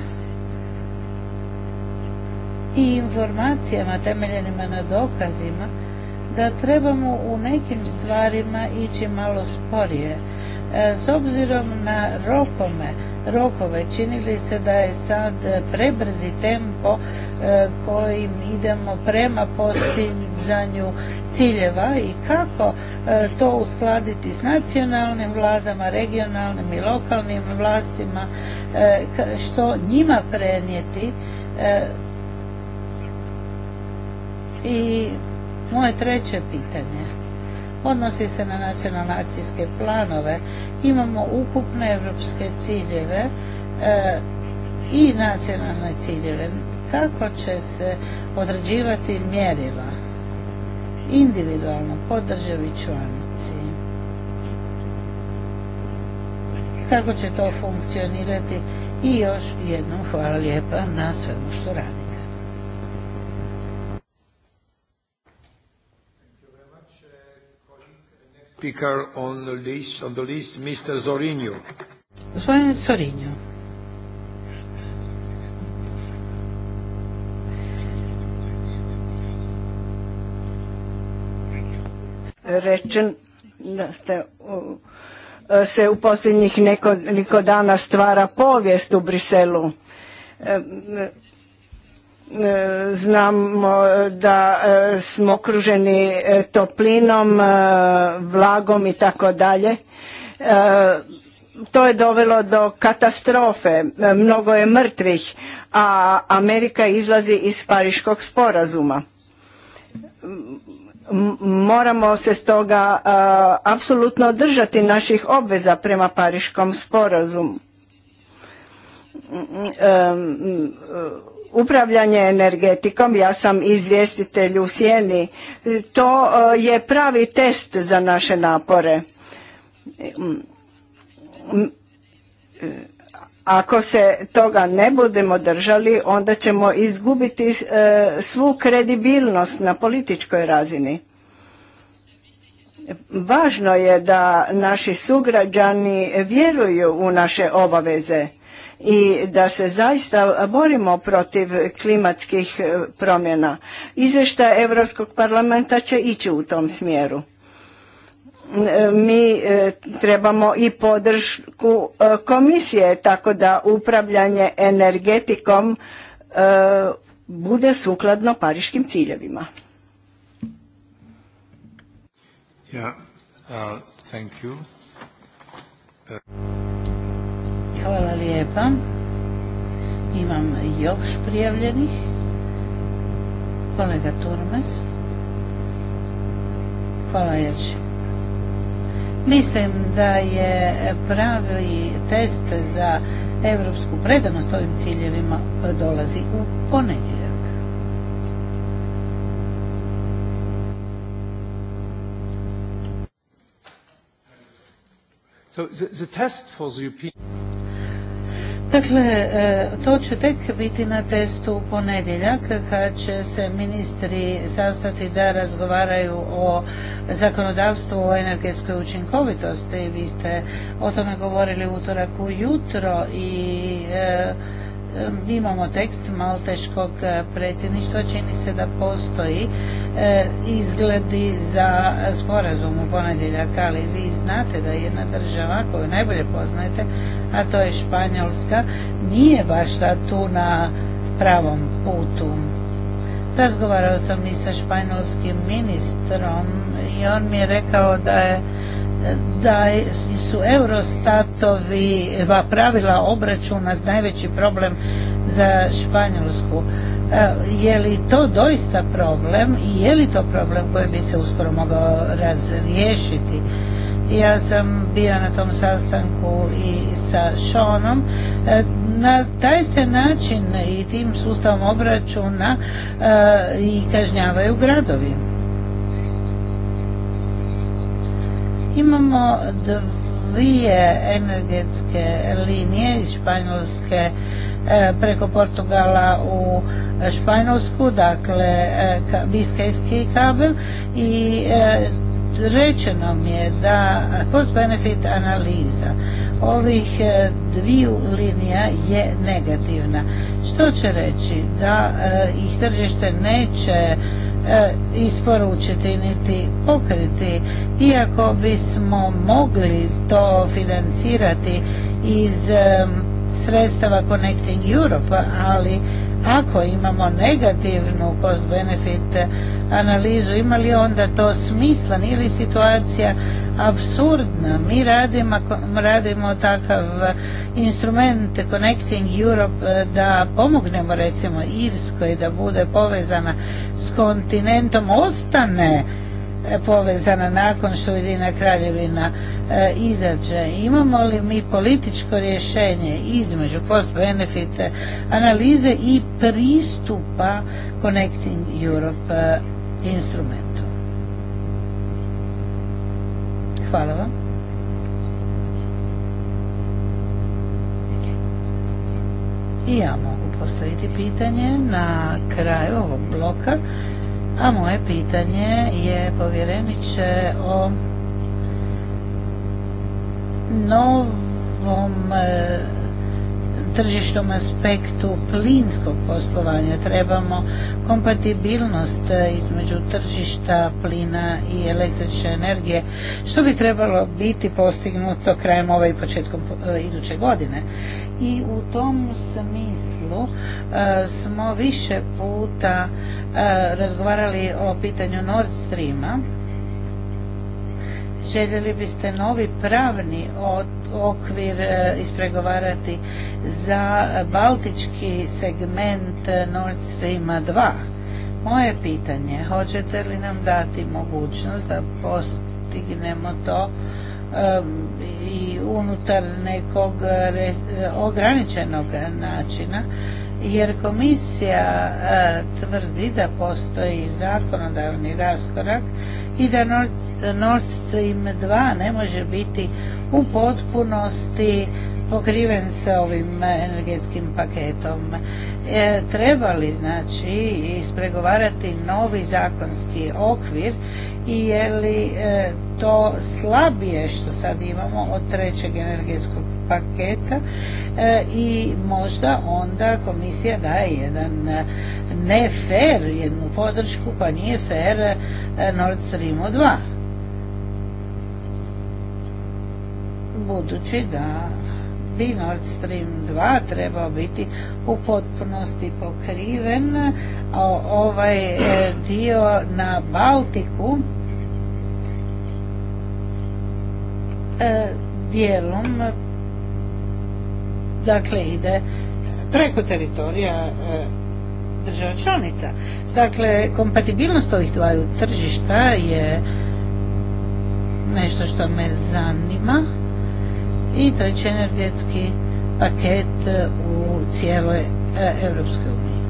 i informacijama temeljenima na dokazima da trebamo u nekim stvarima ići malo sporije. E, s obzirom na rokome, rokove, čini li se da je sad prebrzi tempo e, kojim idemo prema postizanju ciljeva i kako e, to uskladiti s nacionalnim vladama, regionalnim i lokalnim vlastima, što njima prenijeti i moje treće pitanje odnosi se na nacionalne akcijske planove. Imamo ukupne evropske ciljeve e, i nacionalne ciljeve. Kako će se određivati mjerila individualno po državi članici? Kako će to funkcionirati? I još jednom hvala lijepa na svemu što radite. speaker on the list, on the list Mr. Zorinju. Gospodin Zorinju. Rečen da ste se u posljednjih nekoliko dana stvara povijest u Briselu. E, E, znamo e, da e, smo okruženi toplinom, vlagom i tako dalje. To je dovelo do katastrofe, mnogo je mrtvih, a Amerika izlazi iz Pariškog sporazuma. Moramo se stoga apsolutno držati naših obveza prema Pariškom sporazumu. Upravljanje energetikom, ja sam izvjestitelj u Sjeni, to e, je pravi test za naše napore. E, ako se toga ne budemo držali, onda ćemo izgubiti e, svu kredibilnost na političkoj razini. Važno je da naši sugrađani vjeruju u naše obaveze i da se zaista borimo protiv klimatskih e, promjena. Izvještaj Europskog parlamenta će ići u tom smjeru. E, mi e, trebamo i podršku komisije tako da upravljanje energetikom bude sukladno pariškim ciljevima. Uh, Hvala lijepa. Imam još prijavljenih. Kolega Turmes. Hvala još. Mislim da je pravi test za evropsku predanost ovim ciljevima dolazi u ponedjeljak. So the test for the European Dakle, e, to će tek biti na testu u ponedjeljak kad će se ministri sastati da razgovaraju o zakonodavstvu o energetskoj učinkovitosti. Vi ste o tome govorili utorak ujutro i e, mi e, imamo tekst malteškog e, predsjedništva, čini se da postoji e, izgledi za sporazum u ponedjeljak, ali vi znate da jedna država koju najbolje poznajete, a to je Španjolska, nije baš da tu na pravom putu. Razgovarao sam i sa španjolskim ministrom i on mi je rekao da je da su Eurostatovi pravila obračuna najveći problem za Španjolsku. E, je li to doista problem i je li to problem koji bi se uskoro mogao razriješiti? Ja sam bio na tom sastanku i sa Šonom e, Na taj se način i tim sustavom obračuna e, i kažnjavaju gradovi. Imamo dvije energetske linije iz Španjolske e, preko Portugala u Španjolsku, dakle e, Biskajski kabel i e, rečeno mi je da cost benefit analiza ovih dviju linija je negativna. Što će reći? Da ih tržište neće E, isporučiti niti pokriti iako bismo mogli to financirati iz e, sredstava Connecting Europe ali ako imamo negativnu cost benefit analizu ima li onda to smisla nije situacija absurdna. Mi radimo, radimo takav e, instrument Connecting Europe e, da pomognemo recimo Irskoj da bude povezana s kontinentom, ostane e, povezana nakon što Ujedina kraljevina izađe. Imamo li mi političko rješenje između cost-benefit analize i pristupa Connecting Europe e, Hvala I ja mogu postaviti pitanje na kraju ovog bloka, a moje pitanje je povjereniče o novom e, tržišnom aspektu plinskog poslovanja trebamo kompatibilnost e, između tržišta plina i električne energije što bi trebalo biti postignuto krajem ove i početkom e, iduće godine i u tom smislu e, smo više puta razgovarali o pitanju Nord Streama željeli biste novi pravni okvir e, ispregovarati za baltički segment Nord Stream 2. Moje pitanje, hoćete li nam dati mogućnost da postignemo to i unutar nekog e, ograničenog načina jer komisija e, tvrdi da postoji zakonodavni raskorak i da Nord Stream 2 ne može biti u potpunosti pokriven s ovim energetskim paketom. E, treba li znači ispregovarati novi zakonski okvir i je li e, to slabije što sad imamo od trećeg energetskog paketa e, i možda onda komisija daje jedan ne fair, jednu podršku koja nije fair Nord Streamu 2 budući da bi Nord Stream 2 trebao biti u potpunosti pokriven. ovaj e, dio na Baltiku e, dijelom dakle ide preko teritorija e, država članica. Dakle, kompatibilnost ovih dvaju tržišta je nešto što me zanima i treći energetski paket e, u cijeloj Europskoj uniji.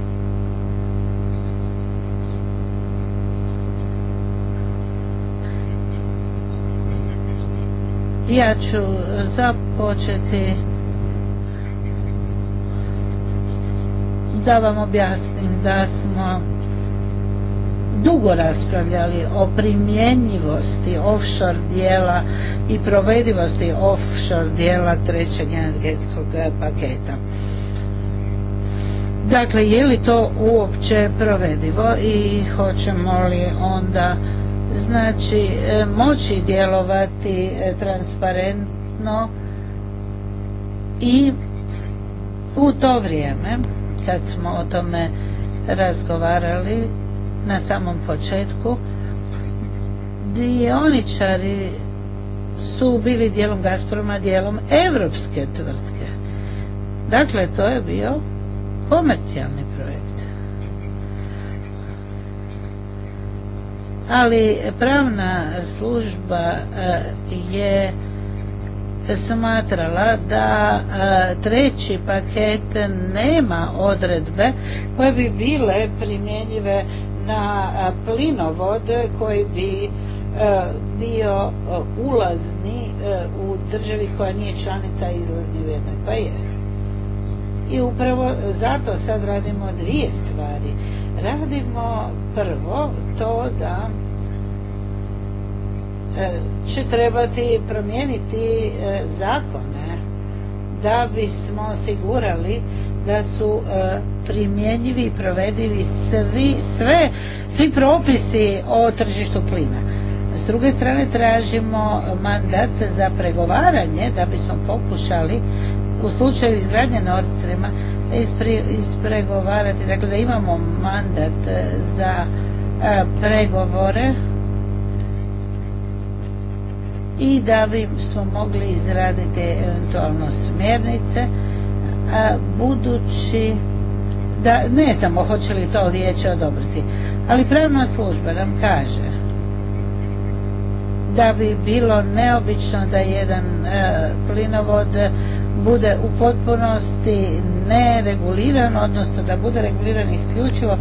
Ja ću započeti da vam objasnim da smo dugo raspravljali o primjenjivosti offshore dijela i provedivosti offshore dijela trećeg energetskog paketa. Dakle, je li to uopće provedivo i hoćemo li onda znači e, moći djelovati e, transparentno i u to vrijeme kad smo o tome razgovarali na samom početku dioničari su bili dijelom Gazproma, dijelom evropske tvrtke. Dakle, to je bio komercijalni projekt. Ali pravna služba eh, je smatrala da eh, treći paket nema odredbe koje bi bile primjenjive na plinovod koji bi e, bio e, ulazni e, u državi koja nije članica izlazni u jednoj koja pa jest. I upravo zato sad radimo dvije stvari. Radimo prvo to da će trebati promijeniti zakone da bismo osigurali da su e, primjenjivi i provedivi svi, svi propisi o tržištu plina. S druge strane tražimo mandat za pregovaranje da bismo pokušali u slučaju izgradnje Nord Streama ispregovarati, dakle da imamo mandat za e, pregovore i da bismo mogli izraditi eventualno smjernice E, budući da ne znamo hoće li to vijeće odobriti. Ali pravna služba nam kaže da bi bilo neobično da jedan e, plinovod bude u potpunosti nereguliran, odnosno da bude reguliran isključivo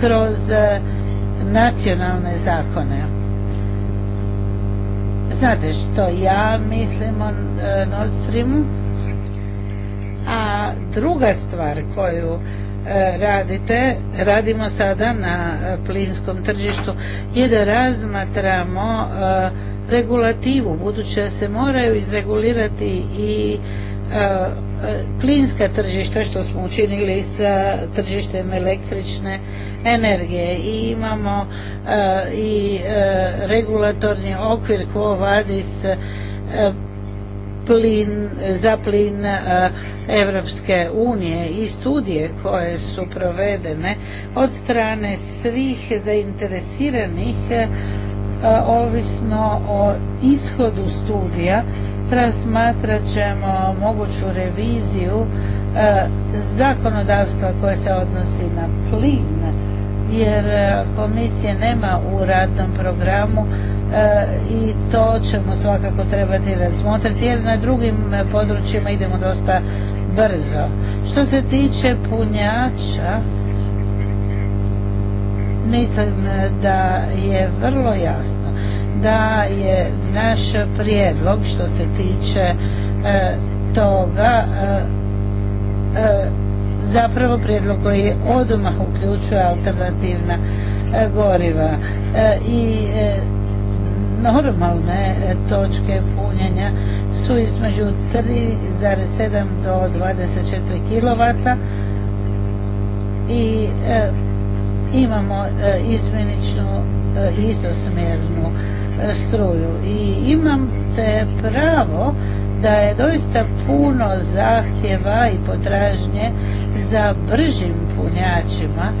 kroz e, nacionalne zakone. Znate što ja mislim o Nord Streamu? A druga stvar koju e, radite, radimo sada na e, plinskom tržištu je da razmatramo e, regulativu, budući da se moraju izregulirati i plinska tržišta što smo učinili sa tržištem električne energije i imamo i regulatorni okvir radi Vadis plin, za plin e, Evropske unije i studije koje su provedene od strane svih zainteresiranih e, ovisno o ishodu studija razmatrat ćemo moguću reviziju e, zakonodavstva koje se odnosi na plin jer komisije nema u radnom programu E, i to ćemo svakako trebati razmotriti jer na drugim e, područjima idemo dosta brzo. Što se tiče punjača, mislim e, da je vrlo jasno da je naš prijedlog što se tiče toga zapravo prijedlog koji odmah uključuje alternativna goriva i normalne e, točke punjenja su između 3,7 do 24 kW i e, imamo e, izmjeničnu istosmjernu struju i imam te pravo da je doista puno zahtjeva i potražnje za bržim punjačima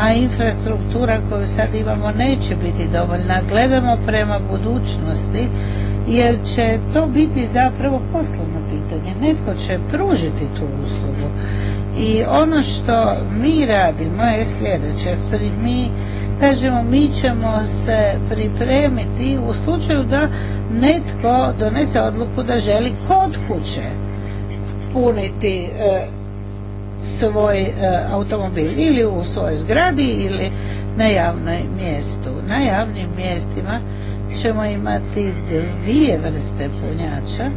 a infrastruktura koju sad imamo neće biti dovoljna. Gledamo prema budućnosti jer će to biti zapravo poslovno pitanje. Netko će pružiti tu uslugu. I ono što mi radimo je sljedeće. Mi kažemo mi ćemo se pripremiti u slučaju da netko donese odluku da želi kod kuće puniti e, svoj e, automobil ili u svojoj zgradi ili na javnom mjestu. Na javnim mjestima ćemo imati dvije vrste punjača.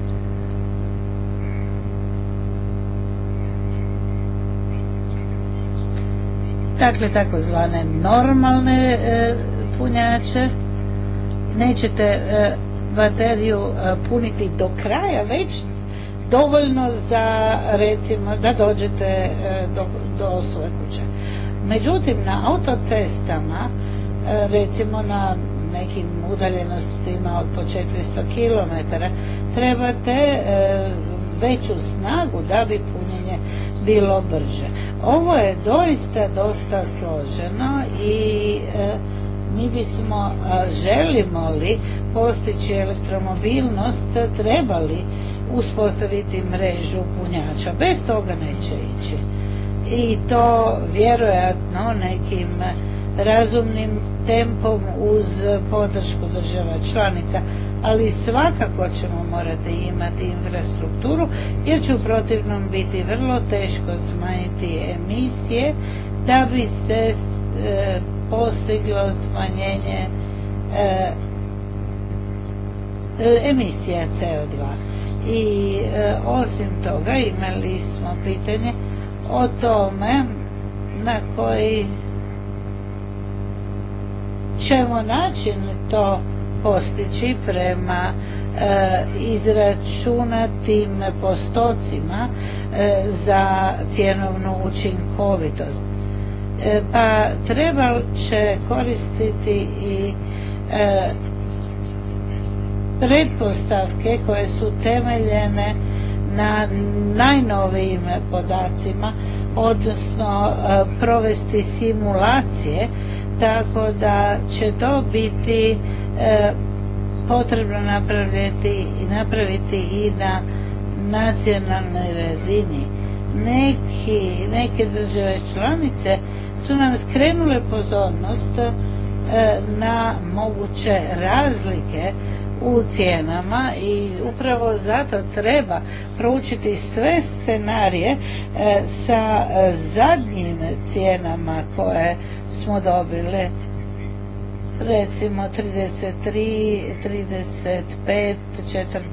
Dakle, takozvane normalne e, punjače. Nećete e, bateriju e, puniti do kraja, već dovoljno za recimo da dođete e, do, svoje kuće. Međutim, na autocestama, e, recimo na nekim udaljenostima od po 400 km, trebate e, veću snagu da bi punjenje bilo brže. Ovo je doista dosta složeno i mi bismo, želimo li postići elektromobilnost, trebali uspostaviti mrežu punjača. Bez toga neće ići. I to vjerojatno nekim razumnim tempom uz podršku država članica. Ali svakako ćemo morati imati infrastrukturu jer će u protivnom biti vrlo teško smanjiti emisije da bi se e, postiglo smanjenje e, emisija CO2. I e, osim toga imali smo pitanje o tome na koji ćemo način to postići prema e, izračunatim postocima e, za cjenovnu učinkovitost. pa treba će koristiti i pretpostavke koje su temeljene na najnovijim podacima, odnosno e, provesti simulacije, tako da će to biti e, potrebno napraviti, napraviti i na nacionalnoj razini. Neki, neke države članice su nam skrenule pozornost e, na moguće razlike u cijenama i upravo zato treba proučiti sve scenarije e, sa e, zadnjim cijenama koje smo dobili recimo 33, 35,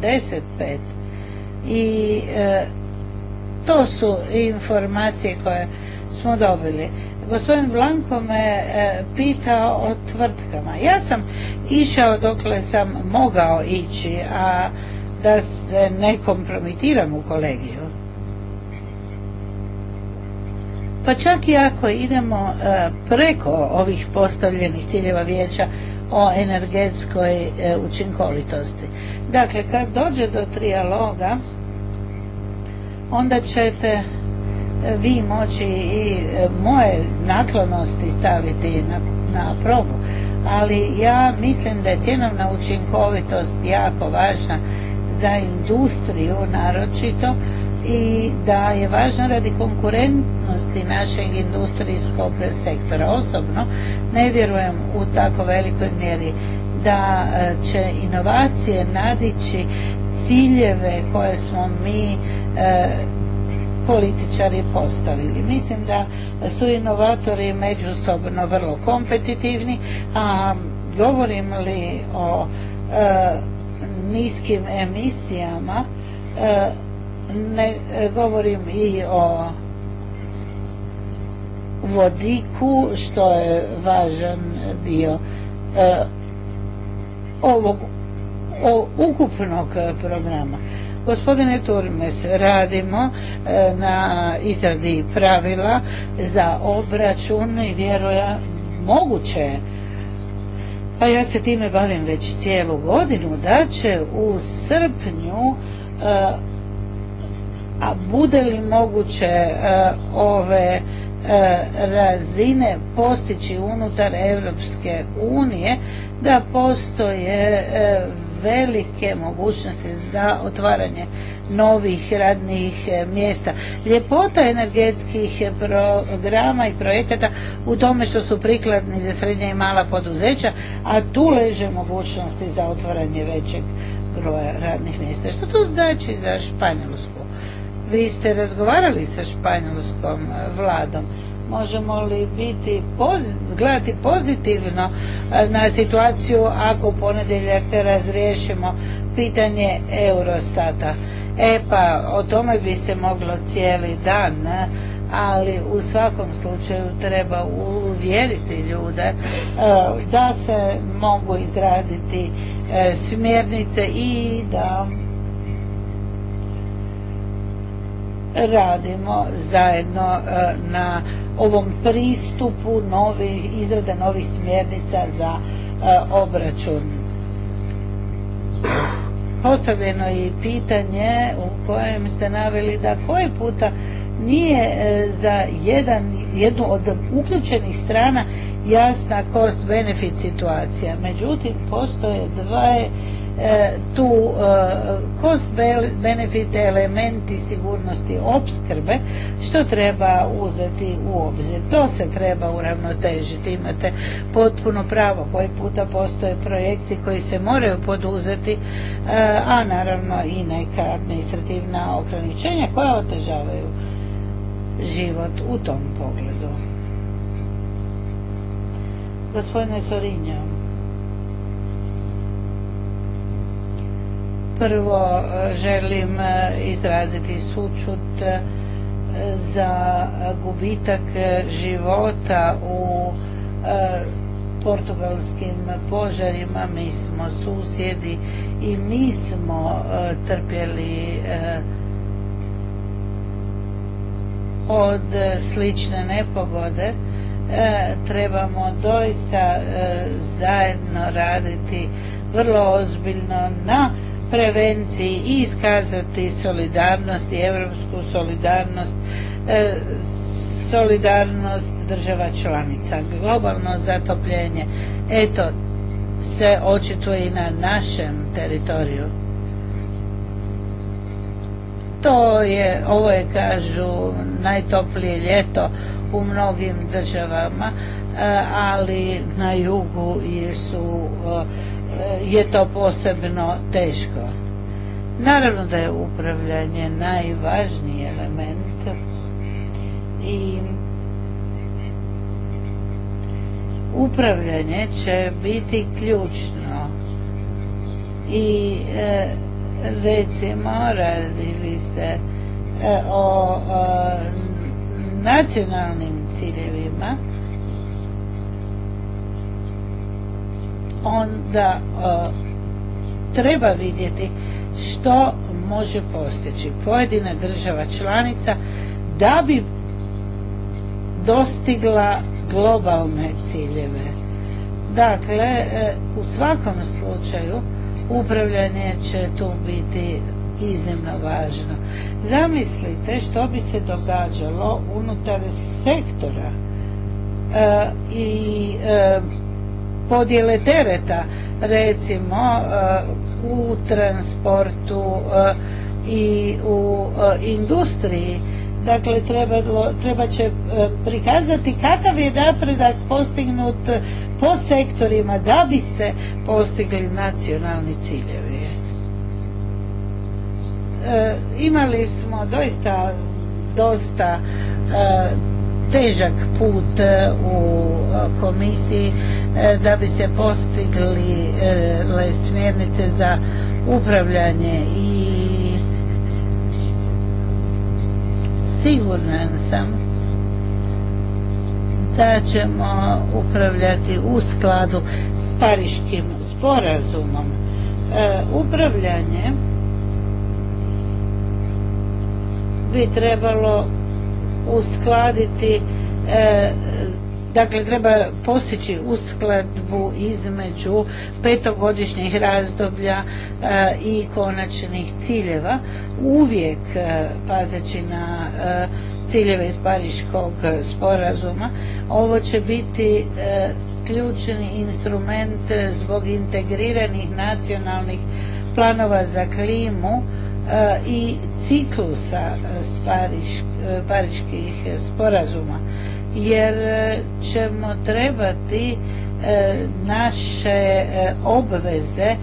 45 i e, to su informacije koje smo dobili Gospodin Blanko me e, pitao o tvrtkama. Ja sam išao dokle sam mogao ići, a da se ne kompromitiram u kolegiju. Pa čak i ako idemo e, preko ovih postavljenih ciljeva vijeća o energetskoj e, učinkovitosti. Dakle, kad dođe do trijaloga, onda ćete vi moći i e, moje naklonosti staviti na, probu. Ali ja mislim da je cjenovna učinkovitost jako važna za industriju naročito i da je važna radi konkurentnosti našeg industrijskog sektora. Osobno ne vjerujem u tako velikoj mjeri da e, će inovacije nadići ciljeve koje smo mi e, političari postavili. Mislim da su inovatori međusobno vrlo kompetitivni, a govorim li o e, niskim emisijama, e, ne govorim i o vodiku, što je važan dio e, ovog ukupnog programa. Gospodine Turmes, radimo e, na izradi pravila za obračun i vjeroja moguće pa ja se time bavim već cijelu godinu da će u srpnju e, a bude li moguće e, ove razine postići unutar Europske unije da postoje velike mogućnosti za otvaranje novih radnih e, mjesta. Ljepota energetskih e, programa i projekata u tome što su prikladni za srednja i mala poduzeća, a tu leže mogućnosti za otvaranje većeg broja radnih mjesta. Što to znači za Španjolsku? Vi ste razgovarali sa španjolskom e, vladom možemo li biti gledati pozitivno e, na situaciju ako u ponedjeljak razriješimo pitanje Eurostata. E pa, o tome biste moglo cijeli dan, e, ali u svakom slučaju treba uvjeriti ljude e, da se mogu izraditi smjernice i da radimo zajedno e, na ovom pristupu izrade novih smjernica za e, obračun. Postavljeno je i pitanje u kojem ste naveli da koji puta nije e, za jednu od uključenih strana jasna cost benefit situacija. Međutim, postoje dva E, tu e, cost benefit elementi sigurnosti opskrbe što treba uzeti u obzir. To se treba uravnotežiti. Imate potpuno pravo koji puta postoje projekti koji se moraju poduzeti, e, a naravno i neka administrativna ograničenja koja otežavaju život u tom pogledu. Gospodine Sorinja, Prvo e, želim e, izraziti sučut e, za gubitak života u portugalskim požarima. Mi smo susjedi i mi smo trpjeli od slične nepogode. trebamo doista zajedno raditi vrlo ozbiljno na prevenciji i iskazati solidarnost i europsku solidarnost e, solidarnost država članica globalno zatopljenje eto se očituje i na našem teritoriju to je ovo je kažu najtoplije ljeto u mnogim državama e, ali na jugu su je to posebno teško. Naravno da je upravljanje najvažniji element i upravljanje će biti ključno i e, recimo radili se e, o nacionalnim ciljevima onda e, treba vidjeti što može postići pojedina država članica da bi dostigla globalne ciljeve. Dakle, e, u svakom slučaju upravljanje će tu biti iznimno važno. Zamislite što bi se događalo unutar sektora e, i podjele tereta recimo eh, u transportu eh, i u eh, industriji dakle treba će prikazati kakav je napredak postignut po sektorima da bi se postigli nacionalni ciljevi imali smo doista dosta težak put e, u e, komisiji e, da bi se postigli smjernice za upravljanje i siguran sam da ćemo upravljati u skladu s pariškim sporazumom. upravljanje bi trebalo uskladiti e, dakle treba postići uskladbu između petogodišnjih razdoblja e, i konačnih ciljeva uvijek e, pazeći na ciljeve iz pariškog sporazuma ovo će biti ključni instrument zbog integriranih nacionalnih planova za klimu E, i ciklusa e, e, pariških sporazuma jer ćemo trebati naše obveze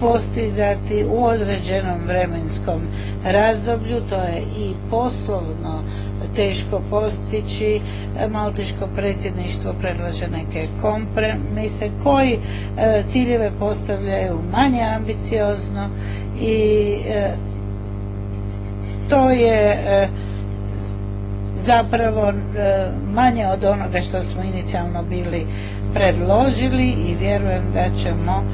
postizati u određenom vremenskom razdoblju, to je i poslovno teško postići. Maltiško predsjedništvo predlaže neke kompromise koji ciljeve postavljaju manje ambiciozno i to je e, zapravo e, manje od onoga što smo inicijalno bili predložili i vjerujem da ćemo e,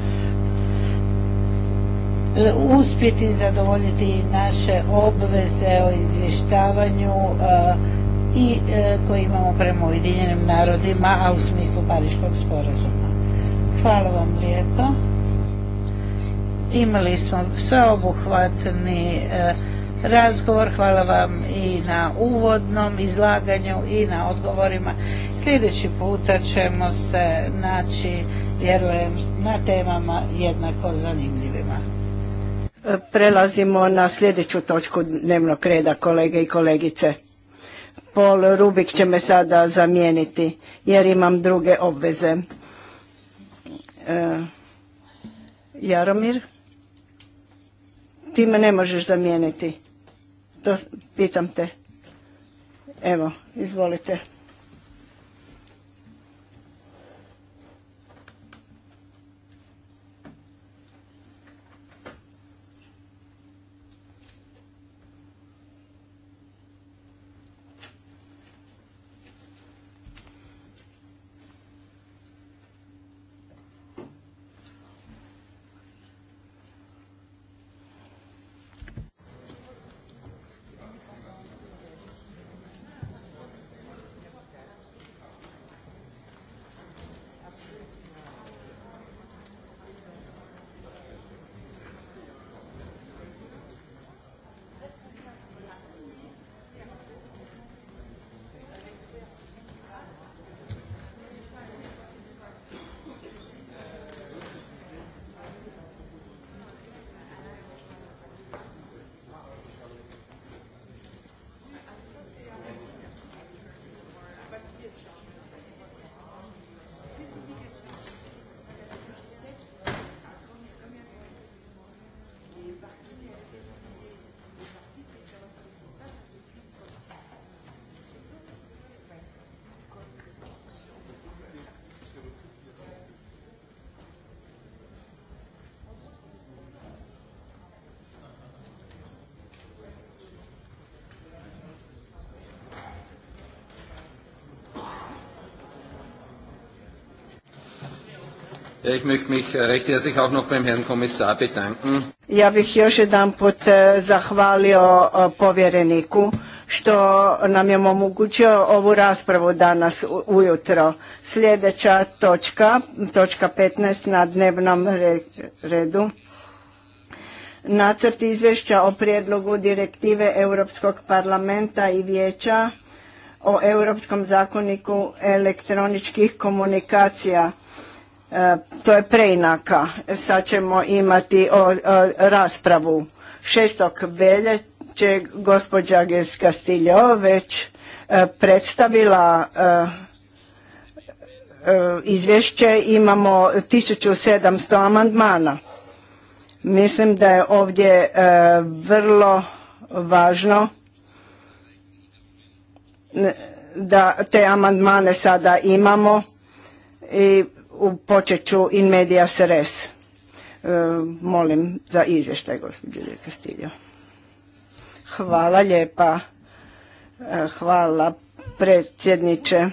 uspjeti zadovoljiti naše obveze o izvještavanju i koje imamo prema Ujedinjenim narodima, a u smislu Pariškog sporazuma. Hvala vam lijepo. Imali smo sveobuhvatni razgovor. Hvala vam i na uvodnom izlaganju i na odgovorima. Sljedeći puta ćemo se naći, vjerujem, na temama jednako zanimljivima. Prelazimo na sljedeću točku dnevnog reda, kolege i kolegice. Pol Rubik će me sada zamijeniti, jer imam druge obveze. E, Jaromir, ti me ne možeš zamijeniti. To pitam te. Evo, izvolite. Ja bih još jedan put e, zahvalio e, povjereniku što nam je omogućio ovu raspravu danas ujutro. Sljedeća točka, točka 15 na dnevnom redu. Nacrt izvješća o prijedlogu direktive Europskog parlamenta i vijeća o Europskom zakoniku elektroničkih komunikacija E, to je preinaka. Sad ćemo imati o, raspravu. 6. veljače gospođa Gers Castillo već e, predstavila e, izvješće. Imamo 1700 amandmana. Mislim da je ovdje vrlo važno da te amandmane sada imamo i u ću in media seres. E, molim za izvještaj, gospođo Castillo. Hvala lijepa. E, hvala predsjedniče.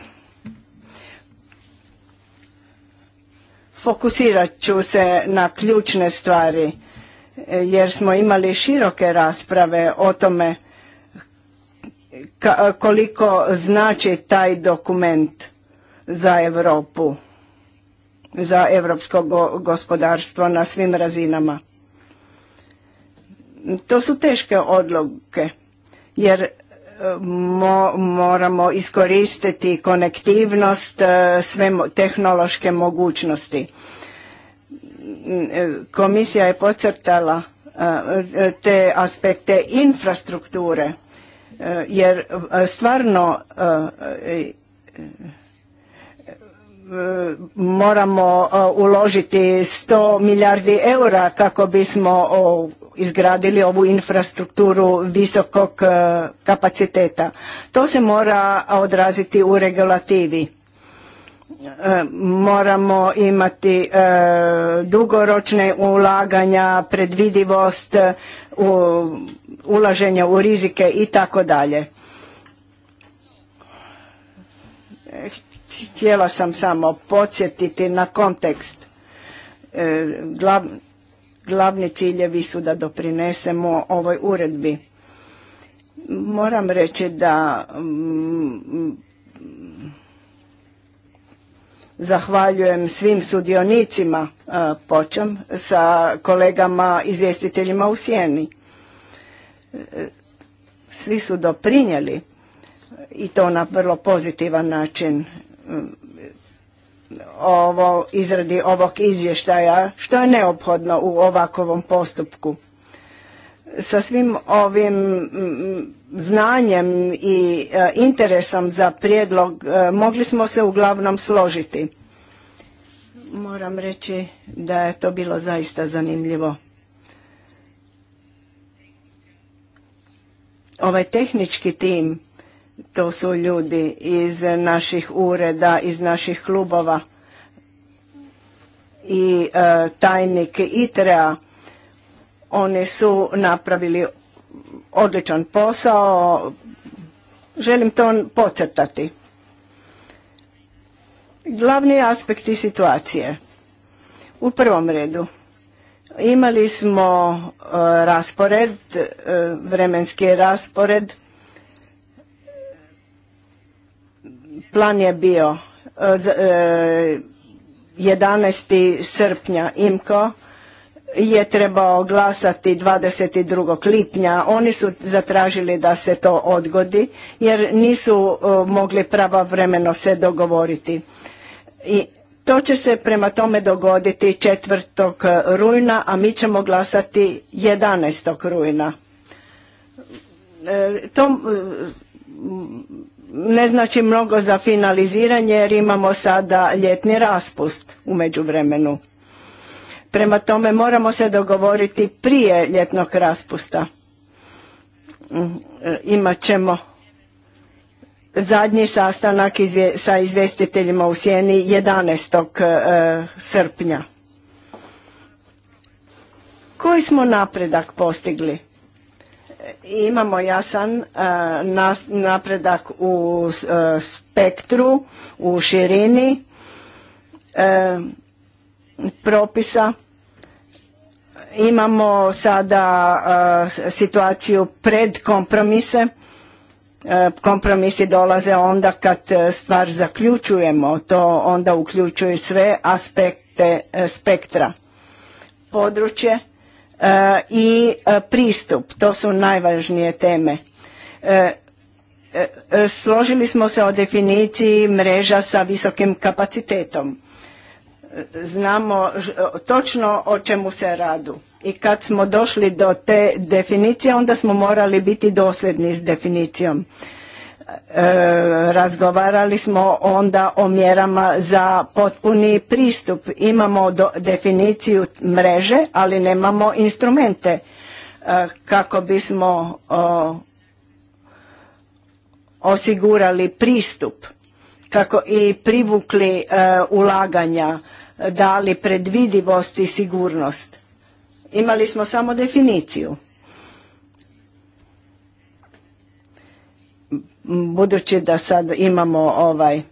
Fokusirat ću se na ključne stvari e, jer smo imali široke rasprave o tome koliko znači taj dokument za Europu za europsko gospodarstvo na svim razinama. To su teške odluke jer e, moramo iskoristiti konektivnost, e, sve tehnološke mogućnosti. E, komisija je pocrtala te aspekte infrastrukture jer stvarno moramo e, uložiti 100 milijardi eura kako bismo izgradili ovu infrastrukturu visokog e, kapaciteta. To se mora odraziti u regulativi. E, moramo imati dugoročne ulaganja, predvidivost, ulaženja u rizike i tako dalje Htjela sam samo podsjetiti na kontekst. E, glavni ciljevi su da doprinesemo ovoj uredbi. Moram reći da mm, zahvaljujem svim sudionicima, e, počem sa kolegama izvjestiteljima u Sjeni. E, svi su doprinjeli i to na vrlo pozitivan način ovo, izradi ovog izvještaja, što je neophodno u ovakovom postupku. Sa svim ovim mm, znanjem i e, interesom za prijedlog e, mogli smo se uglavnom složiti. Moram reći da je to bilo zaista zanimljivo. Ovaj tehnički tim to su ljudi iz naših ureda, iz naših klubova i e, tajnik ITREA. Oni su napravili odličan posao, želim to pocrtati. Glavni aspekti situacije. U prvom redu imali smo e, raspored, e, vremenski raspored Plan je bio 11. E, e, srpnja IMKO je trebao glasati 22. lipnja. Oni su zatražili da se to odgodi jer nisu e, mogli pravovremeno se dogovoriti. I to će se prema tome dogoditi 4. rujna, a mi ćemo glasati 11. rujna. to ne znači mnogo za finaliziranje jer imamo sada ljetni raspust u međuvremenu. Prema tome moramo se dogovoriti prije ljetnog raspusta. Mm, e, imat ćemo zadnji sastanak sa izvjestiteljima u Sjeni 11. E, srpnja. Koji smo napredak postigli? imamo jasan e, napredak u e, spektru, u širini e, propisa. Imamo sada situaciju pred kompromise. Kompromisi dolaze onda kad stvar zaključujemo, to onda uključuje sve aspekte spektra. Područje E, i e, pristup. To su najvažnije teme. E, složili smo se o definiciji mreža sa visokim kapacitetom. Znamo točno o čemu se radu. I kad smo došli do te definicije, onda smo morali biti dosljedni s definicijom. E, razgovarali smo onda o mjerama za potpuni pristup. Imamo definiciju mreže, ali nemamo instrumente e, kako bismo osigurali pristup kako i privukli e, ulaganja, dali predvidivost i sigurnost. Imali smo samo definiciju. budući da sad imamo ovaj e,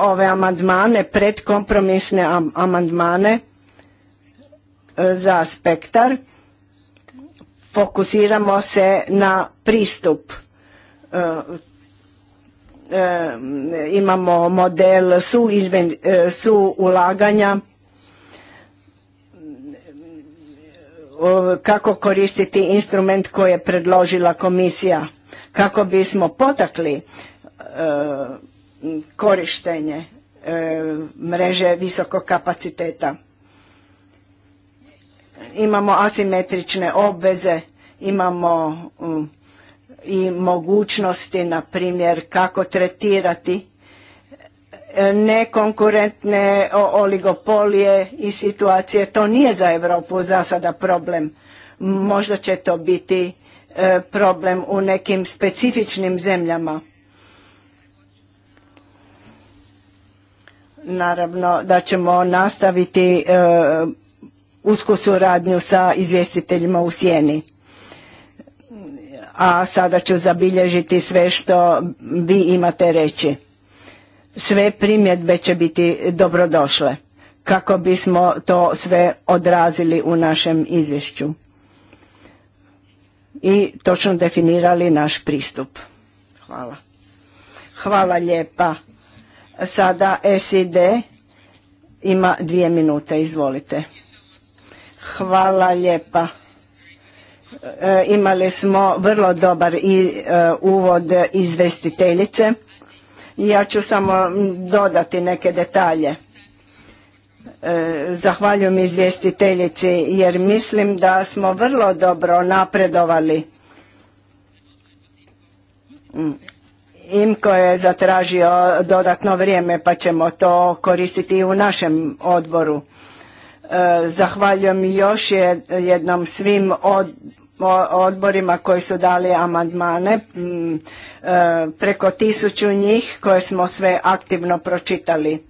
ove amandmane, predkompromisne amandmane e, za spektar, fokusiramo se na pristup. E, imamo model su, su ulaganja, kako koristiti instrument koji je predložila komisija kako bismo potakli e, korištenje e, mreže visokog kapaciteta. Imamo asimetrične obveze, imamo i mogućnosti, na primjer, kako tretirati e, nekonkurentne oligopolije i situacije. To nije za Europu za sada problem. Možda će to biti E, problem u nekim specifičnim zemljama. Naravno da ćemo nastaviti e, usku suradnju sa izvjestiteljima u sjeni. A sada ću zabilježiti sve što vi imate reći. Sve primjedbe će biti dobrodošle kako bismo to sve odrazili u našem izvješću i točno definirali naš pristup. Hvala. Hvala lijepa. Sada SID ima dvije minute, izvolite. Hvala lijepa. E, imali smo vrlo dobar i, e, uvod izvestiteljice. Ja ću samo dodati neke detalje. E, zahvaljujem izvjestiteljici jer mislim da smo vrlo dobro napredovali. Mm. Imko je zatražio dodatno vrijeme pa ćemo to koristiti i u našem odboru. E, zahvaljujem još jednom svim odborima koji su dali amandmane, mm. e, preko tisuću njih koje smo sve aktivno pročitali.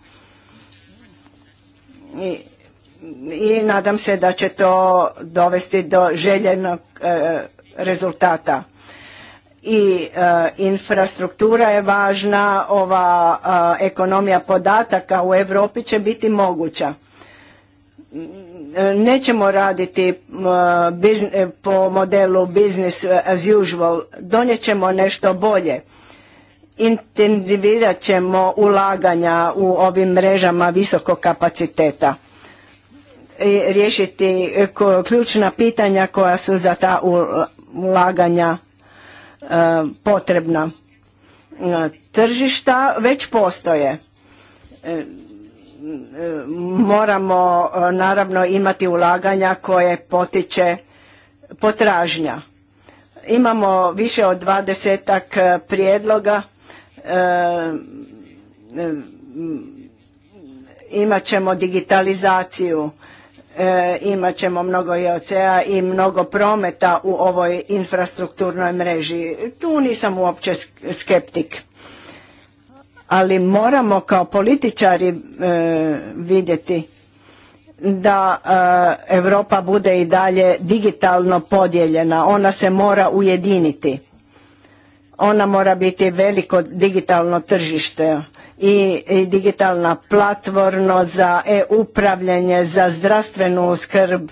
I, nadam se da će to dovesti do željenog e, rezultata. I e, infrastruktura je važna, ova e, ekonomija podataka u Europi će biti moguća. Nećemo raditi po modelu business as usual, donijet ćemo nešto bolje intenzivirat ćemo ulaganja u ovim mrežama visokog kapaciteta i e, riješiti e, ključna pitanja koja su za ta ulaganja e, potrebna. Tržišta već postoje. moramo naravno imati ulaganja koje potiče potražnja. Imamo više od dvadesetak prijedloga E, imat ćemo digitalizaciju, e, imat ćemo mnogo IOC-a i mnogo prometa u ovoj infrastrukturnoj mreži. Tu nisam uopće skeptik. Ali moramo kao političari e, vidjeti da Europa bude i dalje digitalno podijeljena. Ona se mora ujediniti ona mora biti veliko digitalno tržište i, digitalna platforma za e-upravljanje, za zdravstvenu skrb,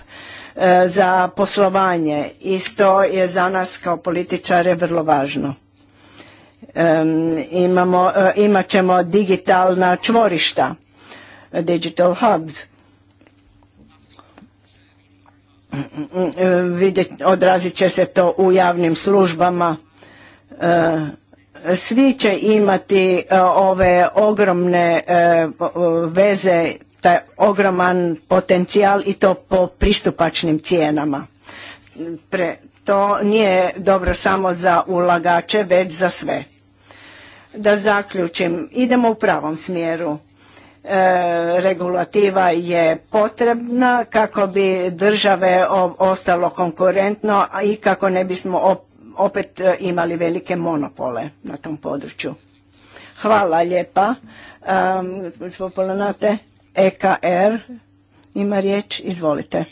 e, za poslovanje. Isto je za nas kao političare vrlo važno. E, imat ćemo digitalna čvorišta, digital hubs. Mm, mm, mm, vidjet, odrazit će se to u javnim službama E, svi će imati e, ove ogromne e, veze, taj ogroman potencijal i to po pristupačnim cijenama. Pre, to nije dobro samo za ulagače, već za sve. Da zaključim, idemo u pravom smjeru. regulativa je potrebna kako bi države ostalo konkurentno i kako ne bismo opet e, imali velike monopole na tom području. Hvala lijepa. Gospodin EKR er ima riječ, izvolite.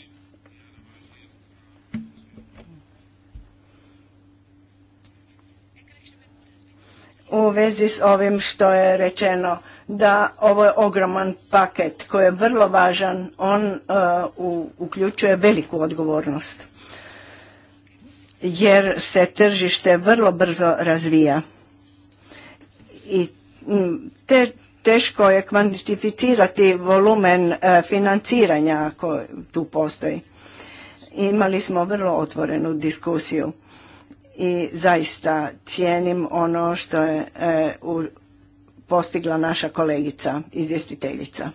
U vezi s ovim što je rečeno, da ovo je ogroman paket koji je vrlo važan, on e, uključuje veliku odgovornost jer se tržište vrlo brzo razvija. I teško je kvantificirati volumen e, financiranja koji tu postoji. Imali smo vrlo otvorenu diskusiju i zaista cijenim ono što je e, postigla naša kolegica, izvjestiteljica,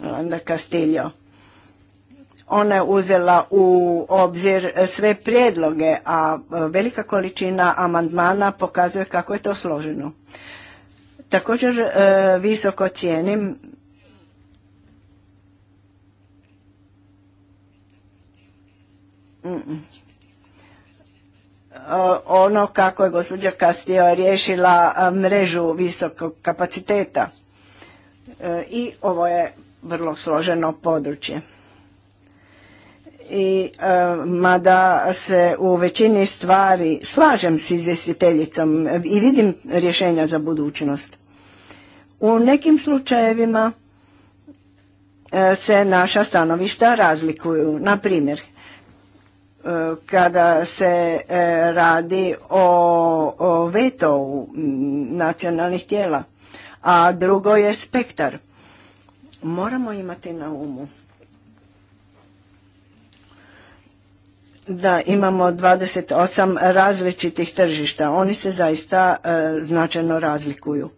Landa Castillo ona je uzela u obzir sve prijedloge, a velika količina amandmana pokazuje kako je to složeno. Također e, visoko cijenim mm, mm. E, ono kako je gospođa Castillo riješila e, mrežu visokog kapaciteta. I ovo je vrlo složeno područje i e, mada se u većini stvari slažem s izvjestiteljicom i vidim rješenja za budućnost. U nekim slučajevima e, se naša stanovišta razlikuju. Na primjer, e, kada se radi o, o nacionalnih tijela, a drugo je spektar. Moramo imati na umu da imamo 28 različitih tržišta. Oni se zaista e, značajno razlikuju.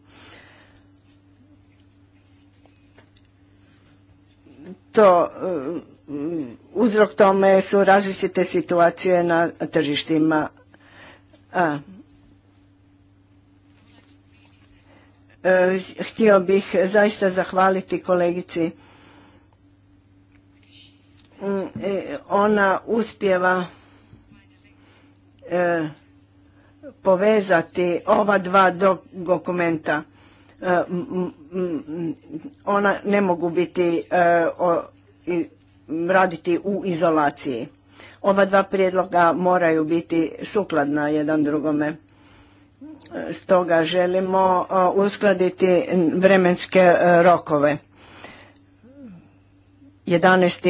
To e, uzrok tome su različite situacije na tržištima. A. E, htio bih zaista zahvaliti kolegici Mm, e, ona uspjeva e, povezati ova dva dokumenta. E, ona ne mogu biti raditi u izolaciji. Ova dva prijedloga moraju biti sukladna jedan drugome. Stoga želimo uskladiti vremenske rokove 11.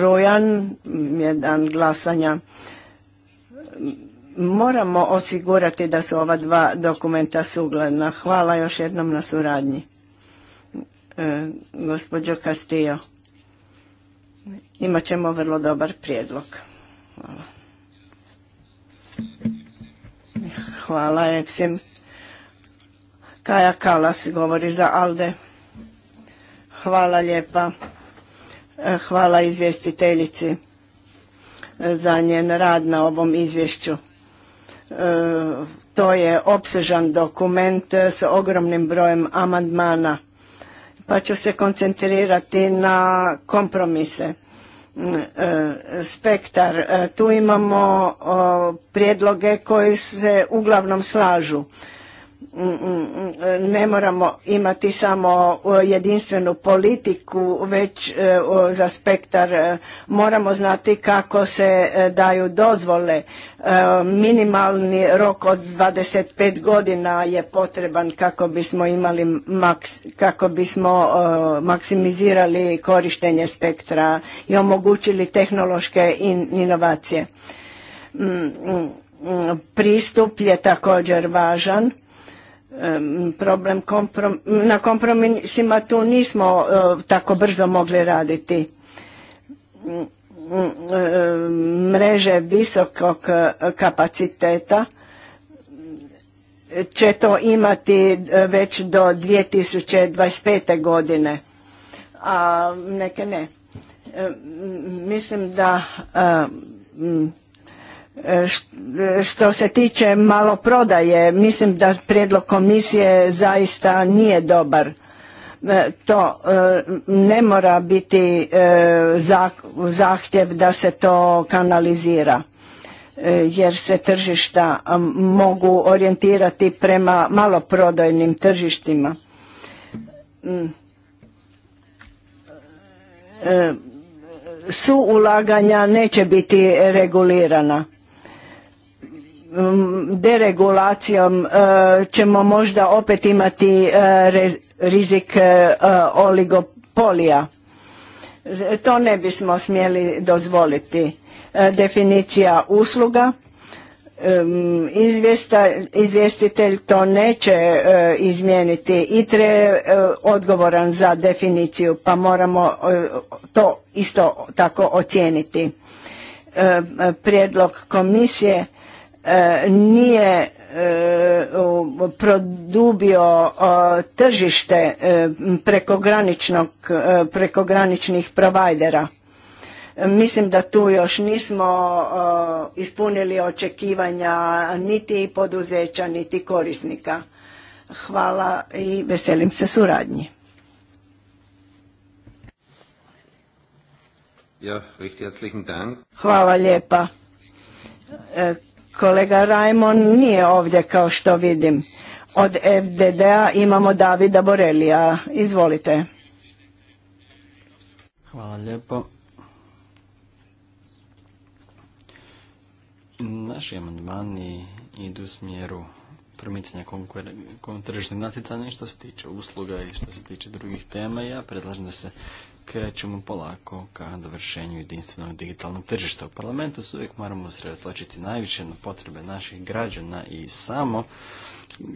rujan, jedan glasanja. Moramo osigurati da su ova dva dokumenta sugledna. Hvala još jednom na suradnji. Gospodjo e, gospođo Castillo, imat ćemo vrlo dobar prijedlog. Hvala. Hvala, Eksim. Kaja Kalas govori za Alde. Hvala lijepa. Hvala izvjestiteljici e, za njen rad na ovom izvješću. E, to je opsežan dokument s ogromnim brojem amandmana, pa ću se koncentrirati na kompromise. E, spektar, tu imamo prijedloge koji se uglavnom slažu. Mm, mm, mm. ne moramo imati samo e, jedinstvenu politiku već e, za spektar e, moramo znati kako se daju dozvole minimalni rok od 25 godina je potreban kako bismo imali maks, kako bismo maksimizirali korištenje spektra i omogućili tehnološke inovacije pristup je također važan problem komprom, na kompromisima tu nismo e, tako brzo mogli raditi mreže visokog kapaciteta će to imati e, već do 2025. godine, a neke ne. Mislim da što se tiče maloprodaje, mislim da prijedlog komisije zaista nije dobar. E, to e, ne mora biti e, zahtjev da se to kanalizira jer se tržišta mogu orijentirati prema maloprodajnim tržištima. Mm. Su ulaganja neće biti regulirana Mm, deregulacijom e, ćemo možda opet imati e, rizik e, oligopolija. To ne bismo smjeli dozvoliti. Definicija usluga. izvjestitelj to neće izmijeniti. ITRE je odgovoran za definiciju pa moramo to isto tako ocijeniti. prijedlog komisije E, nije e, produbio tržište e, prekograničnog, prekograničnih provajdera. Mislim da tu još nismo ispunili očekivanja niti poduzeća, niti korisnika. Hvala i veselim se suradnji. Hvala lijepa Kolega Rajmon nije ovdje kao što vidim. Od FDD-a imamo Davida Borelija. Izvolite. Hvala lijepo. Naši amandmani idu u smjeru promicanja tržišnog natjecanja što se tiče usluga i što se tiče drugih tema. Ja predlažem da se krećemo polako ka dovršenju jedinstvenog digitalnog tržišta. U parlamentu se uvijek moramo sredotočiti najviše na potrebe naših građana i samo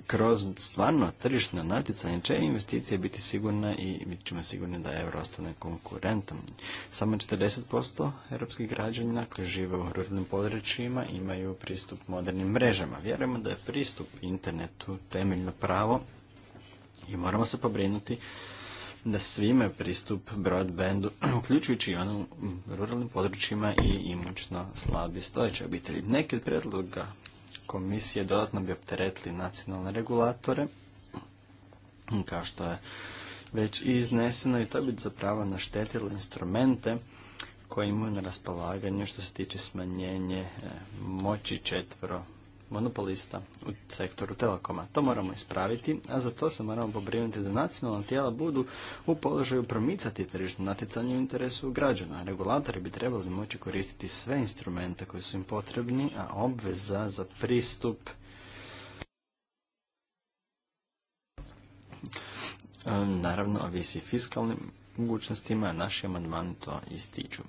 kroz stvarno tržišno natjecanje će investicije biti sigurne i bit ćemo sigurni da euro ostane konkurentom. Samo 40% europskih građana koji žive u ruralnim područjima imaju pristup modernim mrežama. Vjerujemo da je pristup internetu temeljno pravo i moramo se pobrinuti da svi imaju pristup broadbandu, uključujući i ono u ruralnim područjima i imućno slabi stojeće obitelji. Neki od predloga komisije dodatno bi opteretili nacionalne regulatore, kao što je već izneseno i to bi zapravo naštetilo instrumente koje imaju na raspolaganju što se tiče smanjenje e, moći četvro monopolista u sektoru telekoma. To moramo ispraviti, a za to se moramo pobrinuti da nacionalna tijela budu u položaju promicati tržišno natjecanje u interesu građana. Regulatori bi trebali moći koristiti sve instrumente koji su im potrebni, a obveza za pristup e, naravno ovisi fiskalnim mogućnostima, naši amandmani to ističu.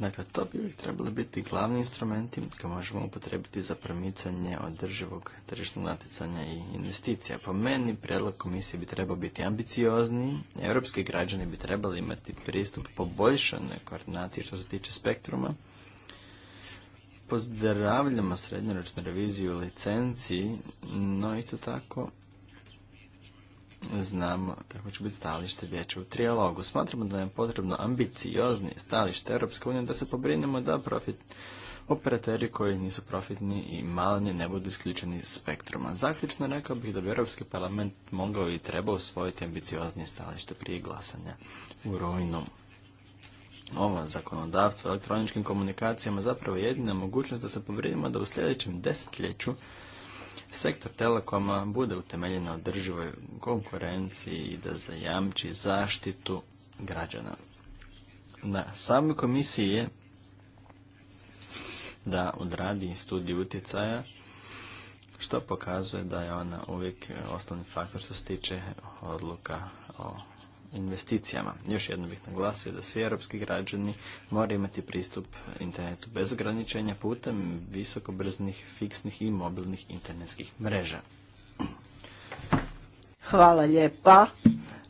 Dakle, to bi trebali biti glavni instrumenti koje možemo upotrebiti za promicanje održivog tržišnog natjecanja i investicija. Po meni, predlog komisije bi trebao biti ambiciozniji, europski građani bi trebali imati pristup poboljšane koordinacije što se tiče spektruma. Pozdravljamo srednjoročnu reviziju licenciji, no i to tako znamo kako će biti stalište vijeća u trijalogu. Smatramo da je potrebno ambiciozni stalište Europske unije da se pobrinemo da profit operateri koji nisu profitni i malni ne budu isključeni iz spektruma. Zaključno rekao bih da bi Europski parlament mogao i trebao usvojiti ambicioznije stalište prije glasanja u rujnu. Ovo zakonodavstvo elektroničkim komunikacijama zapravo jedina mogućnost da se pobrinimo da u sljedećem desetljeću sektor telekoma bude utemeljen na održivoj konkurenciji i da zajamči zaštitu građana. Na samoj komisiji je da odradi studiju utjecaja, što pokazuje da je ona uvijek osnovni faktor što se tiče odluka o investicijama. Još jedno bih naglasio da svi europski građani moraju imati pristup internetu bez ograničenja putem visokobrznih, fiksnih i mobilnih internetskih mreža. Hvala lijepa.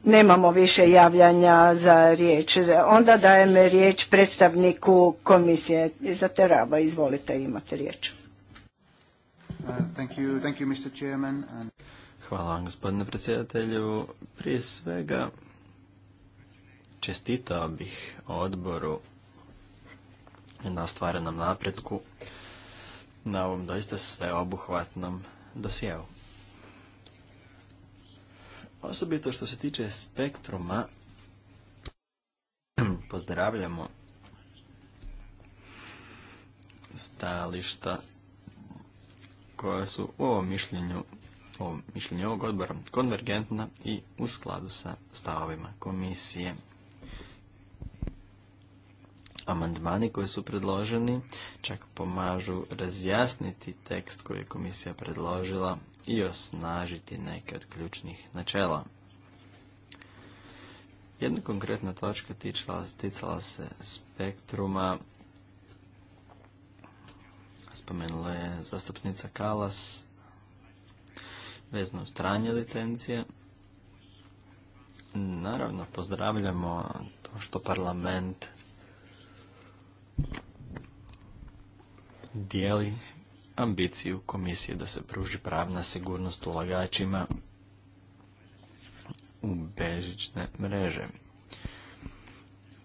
Nemamo više javljanja za riječ. Onda dajem riječ predstavniku komisije za Teraba. Izvolite, imate riječ. Uh, Hvala vam, gospodine predsjedatelju. Prije svega, čestitao bih odboru na ostvarenom napretku na ovom doista sveobuhvatnom dosijevu. Osobito što se tiče spektruma, pozdravljamo stališta koja su u ovom mišljenju, u ovom mišljenju ovog odbora konvergentna i u skladu sa stavovima komisije amandmani koji su predloženi čak pomažu razjasniti tekst koji je komisija predložila i osnažiti neke od ključnih načela. Jedna konkretna točka ticala se spektruma. Spomenula je zastupnica Kalas vezno stranje licencije. Naravno, pozdravljamo to što parlament dijeli ambiciju komisije da se pruži pravna sigurnost ulagačima u bežične mreže.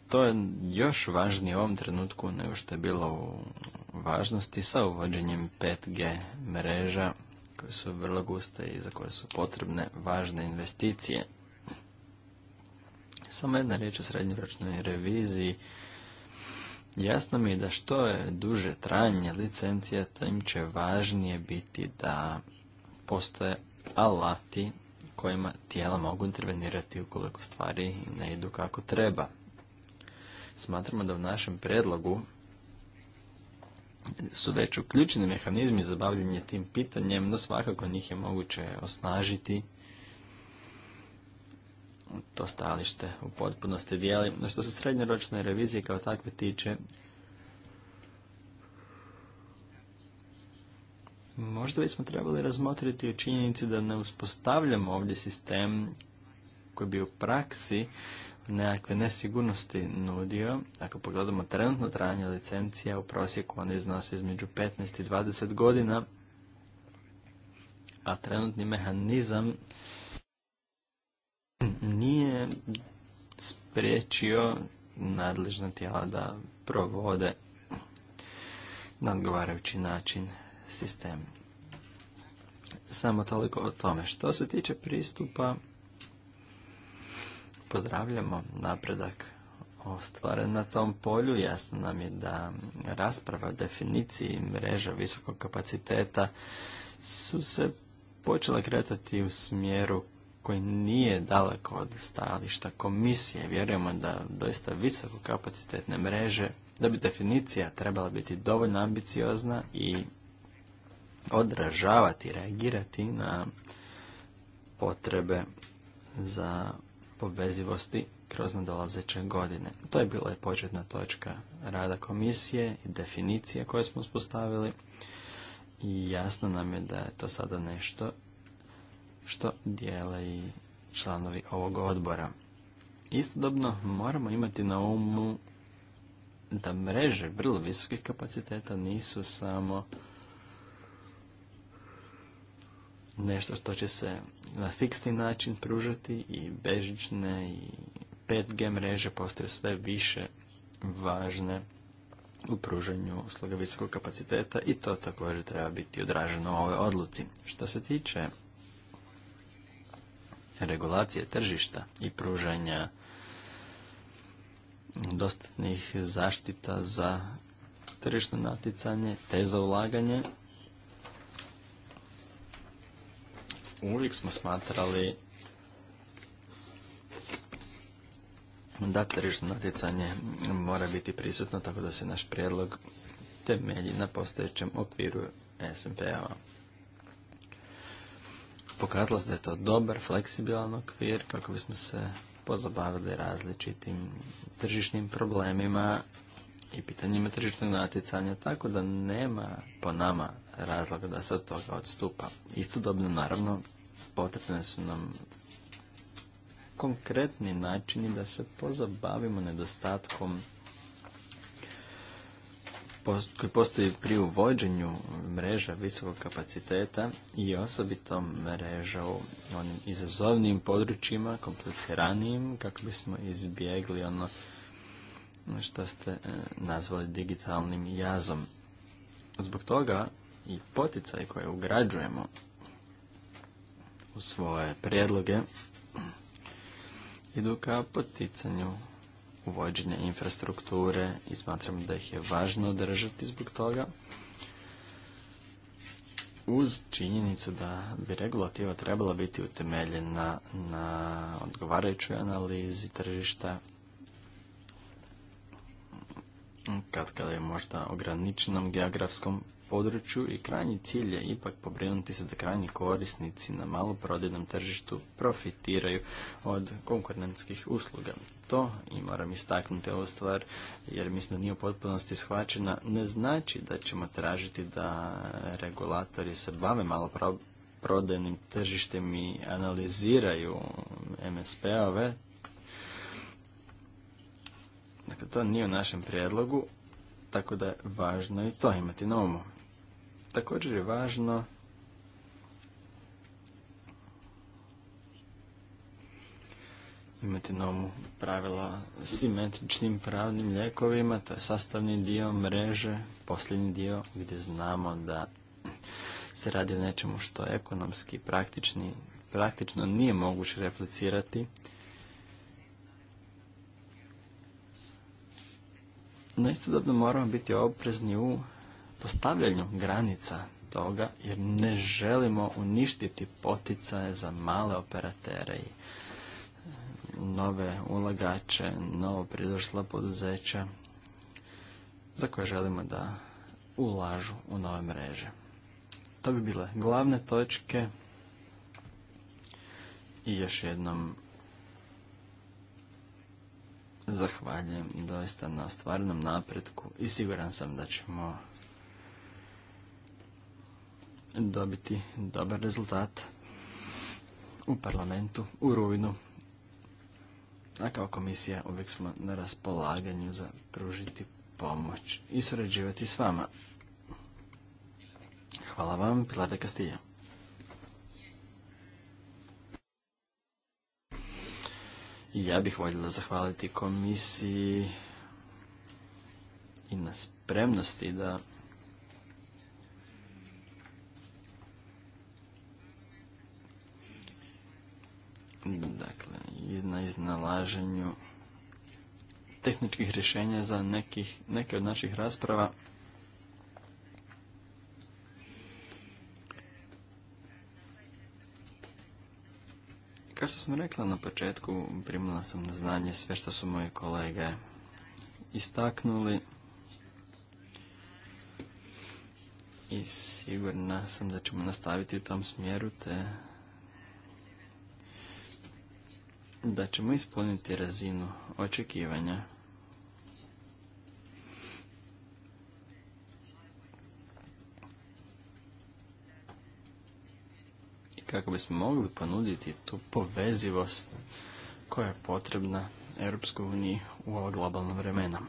To je još važnije u ovom trenutku nego što je bilo u važnosti sa uvođenjem 5G mreža koje su vrlo guste i za koje su potrebne važne investicije. Samo jedna riječ o srednjoročnoj reviziji Jasno mi je da što je duže trajanje licencija, to im će važnije biti da postoje alati kojima tijela mogu intervenirati ukoliko stvari ne idu kako treba. Smatramo da u našem predlogu su već uključeni mehanizmi za bavljanje tim pitanjem, no svakako njih je moguće osnažiti to stajalište u potpunosti dijeli. što se srednjoročne revizije kao takve tiče, možda bismo trebali razmotriti o činjenici da ne uspostavljamo ovdje sistem koji bi u praksi nekakve nesigurnosti nudio. Ako pogledamo trenutno trajanje licencija, u prosjeku ono iznose između 15 i 20 godina, a trenutni mehanizam nije spriječio nadležna tijela da provode na odgovarajući način sistem. Samo toliko o tome. Što se tiče pristupa, pozdravljamo napredak ostvaren na tom polju. Jasno nam je da rasprava o definiciji mreža visokog kapaciteta su se počela kretati u smjeru koji nije daleko od stajališta komisije. Vjerujemo da doista visoko kapacitetne mreže, da bi definicija trebala biti dovoljno ambiciozna i odražavati, reagirati na potrebe za povezivosti kroz nadolazeće godine. To je bila je početna točka rada komisije i definicije koje smo uspostavili i jasno nam je da je to sada nešto što dijele i članovi ovog odbora. Istodobno moramo imati na umu da mreže vrlo visokih kapaciteta nisu samo nešto što će se na fiksni način pružati i bežične i 5G mreže postoje sve više važne u pružanju usluga visokog kapaciteta i to također treba biti odraženo u ovoj odluci. Što se tiče regulacije tržišta i pružanja dostatnih zaštita za tržišno natjecanje te za ulaganje. Uvijek smo smatrali da tržišno natjecanje mora biti prisutno tako da se naš prijedlog temelji na postojećem okviru SMP-a pokazalo se da je to dobar, fleksibilan okvir kako bismo se pozabavili različitim tržišnim problemima i pitanjima tržišnog natjecanja, tako da nema po nama razloga da se od toga odstupa. Istodobno, naravno, potrebne su nam konkretni načini da se pozabavimo nedostatkom koji postoji pri uvođenju mreža visokog kapaciteta i osobito mreža u onim izazovnim područjima, kompliciranijim, kako bismo izbjegli ono što ste e, nazvali digitalnim jazom. Zbog toga i poticaj koje ugrađujemo u svoje prijedloge idu ka poticanju uvođenje infrastrukture i smatram da ih je važno održati zbog toga. Uz činjenicu da bi regulativa trebala biti utemeljena na odgovarajućoj analizi tržišta, kad kada je možda ograničenom geografskom području i krajnji cilj je ipak pobrinuti se da krajnji korisnici na maloprodajnom tržištu profitiraju od konkurentskih usluga. To, i moram istaknuti ovu stvar, jer mislim da nije u potpunosti shvaćena, ne znači da ćemo tražiti da regulatori se bave maloprodajnim tržištem i analiziraju MSP-ove. Dakle, to nije u našem prijedlogu, tako da je važno i to imati na umu. Također je važno imati na pravila simetričnim pravnim ljekovima. to je sastavni dio mreže, posljednji dio gdje znamo da se radi o nečemu što je ekonomski praktični, praktično nije moguće replicirati. No istodobno moramo biti oprezni u postavljanju granica toga jer ne želimo uništiti poticaje za male operatere i e, nove ulagače, novo pridošla poduzeća za koje želimo da ulažu u nove mreže. To bi bile glavne točke i još jednom zahvaljujem doista na stvarnom napretku i siguran sam da ćemo dobiti dobar rezultat u parlamentu u rujnu. A kao komisija uvijek smo na raspolaganju za pružiti pomoć i surađivati s vama. Hvala vam, Pilar de Castilla. Ja bih voljela zahvaliti komisiji i na spremnosti da dakle, na iznalaženju tehničkih rješenja za nekih, neke od naših rasprava. Kao što sam rekla na početku, primila sam na znanje sve što su moji kolege istaknuli. I sigurna sam da ćemo nastaviti u tom smjeru, te da ćemo ispuniti razinu očekivanja. I kako bismo mogli ponuditi tu povezivost koja je potrebna Europskoj uniji u ova globalna vremena.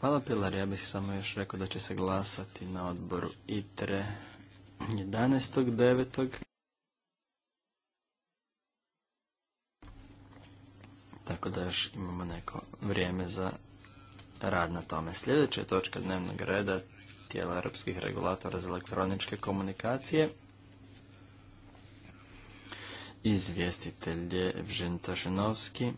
Hvala Pilar, ja bih samo još rekao da će se glasati na odboru ITRE 11.9. tako da još imamo neko vrijeme za rad na tome. Sljedeća je točka dnevnog reda tijela europskih regulatora za elektroničke komunikacije. Izvjestitelj je Evžen Tošenovski.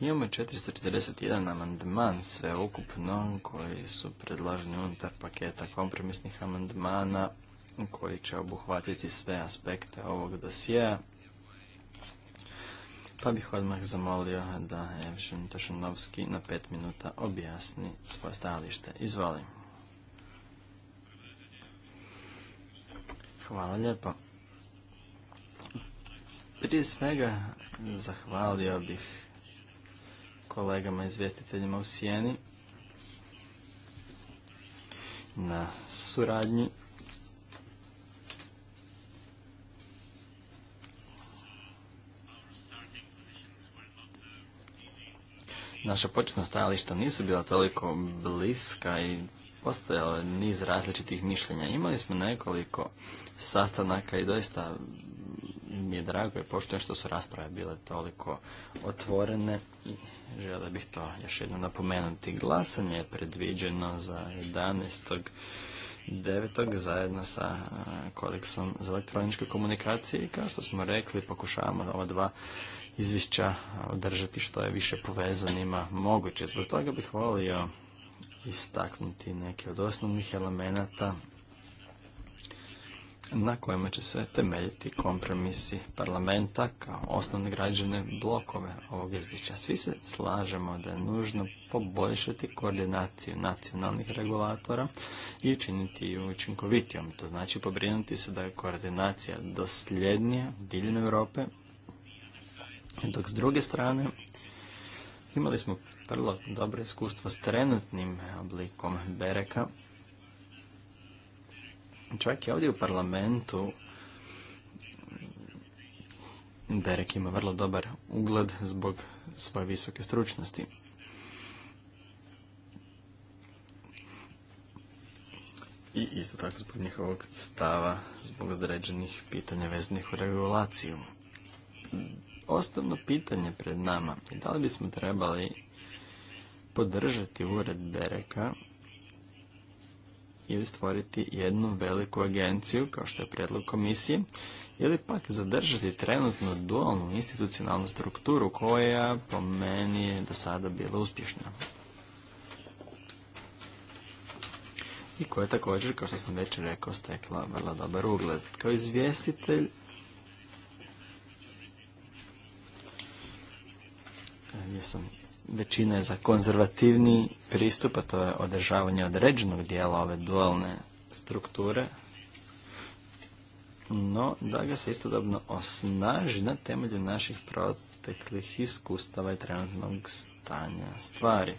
Imamo 441 amandman sveukupno koji su predloženi unutar paketa kompromisnih amandmana koji će obuhvatiti sve aspekte ovog dosjea. Pa bih odmah zamolio da Evžen Tošanovski na pet minuta objasni svoje stajalište. Izvolim. Hvala lijepo. Prije svega zahvalio bih kolegama izvjestiteljima u Sijeni na suradnji Naša početna stajališta nisu bila toliko bliska i postojalo niz različitih mišljenja. Imali smo nekoliko sastanaka i doista mi je drago i poštujem što su rasprave bile toliko otvorene i želio bih to još jednom napomenuti. Glasanje je predviđeno za 11. zajedno sa kodeksom za elektroničke komunikacije i kao što smo rekli pokušavamo ova dva izvješća održati što je više povezanima moguće. Zbog toga bih volio istaknuti neke od osnovnih elemenata na kojima će se temeljiti kompromisi parlamenta kao osnovne građane blokove ovog izvješća. Svi se slažemo da je nužno poboljšati koordinaciju nacionalnih regulatora i učiniti ju učinkovitijom. To znači pobrinuti se da je koordinacija dosljednija diljem Europe dok s druge strane, imali smo vrlo dobro iskustvo s trenutnim oblikom Bereka. Čak i ovdje u parlamentu Berek ima vrlo dobar ugled zbog svoje visoke stručnosti. I isto tako zbog njihovog stava, zbog određenih pitanja vezanih u regulaciju osnovno pitanje pred nama je da li bismo trebali podržati ured Bereka ili stvoriti jednu veliku agenciju, kao što je prijedlog komisije, ili pak zadržati trenutno dualnu institucionalnu strukturu koja po meni je do sada bila uspješna. I koja je također, kao što sam već rekao, stekla vrlo dobar ugled. Kao izvjestitelj gdje sam većina je za konzervativni pristup, a to je održavanje određenog dijela ove dualne strukture, no da ga se istodobno osnaži na temelju naših proteklih iskustava i trenutnog stanja stvari.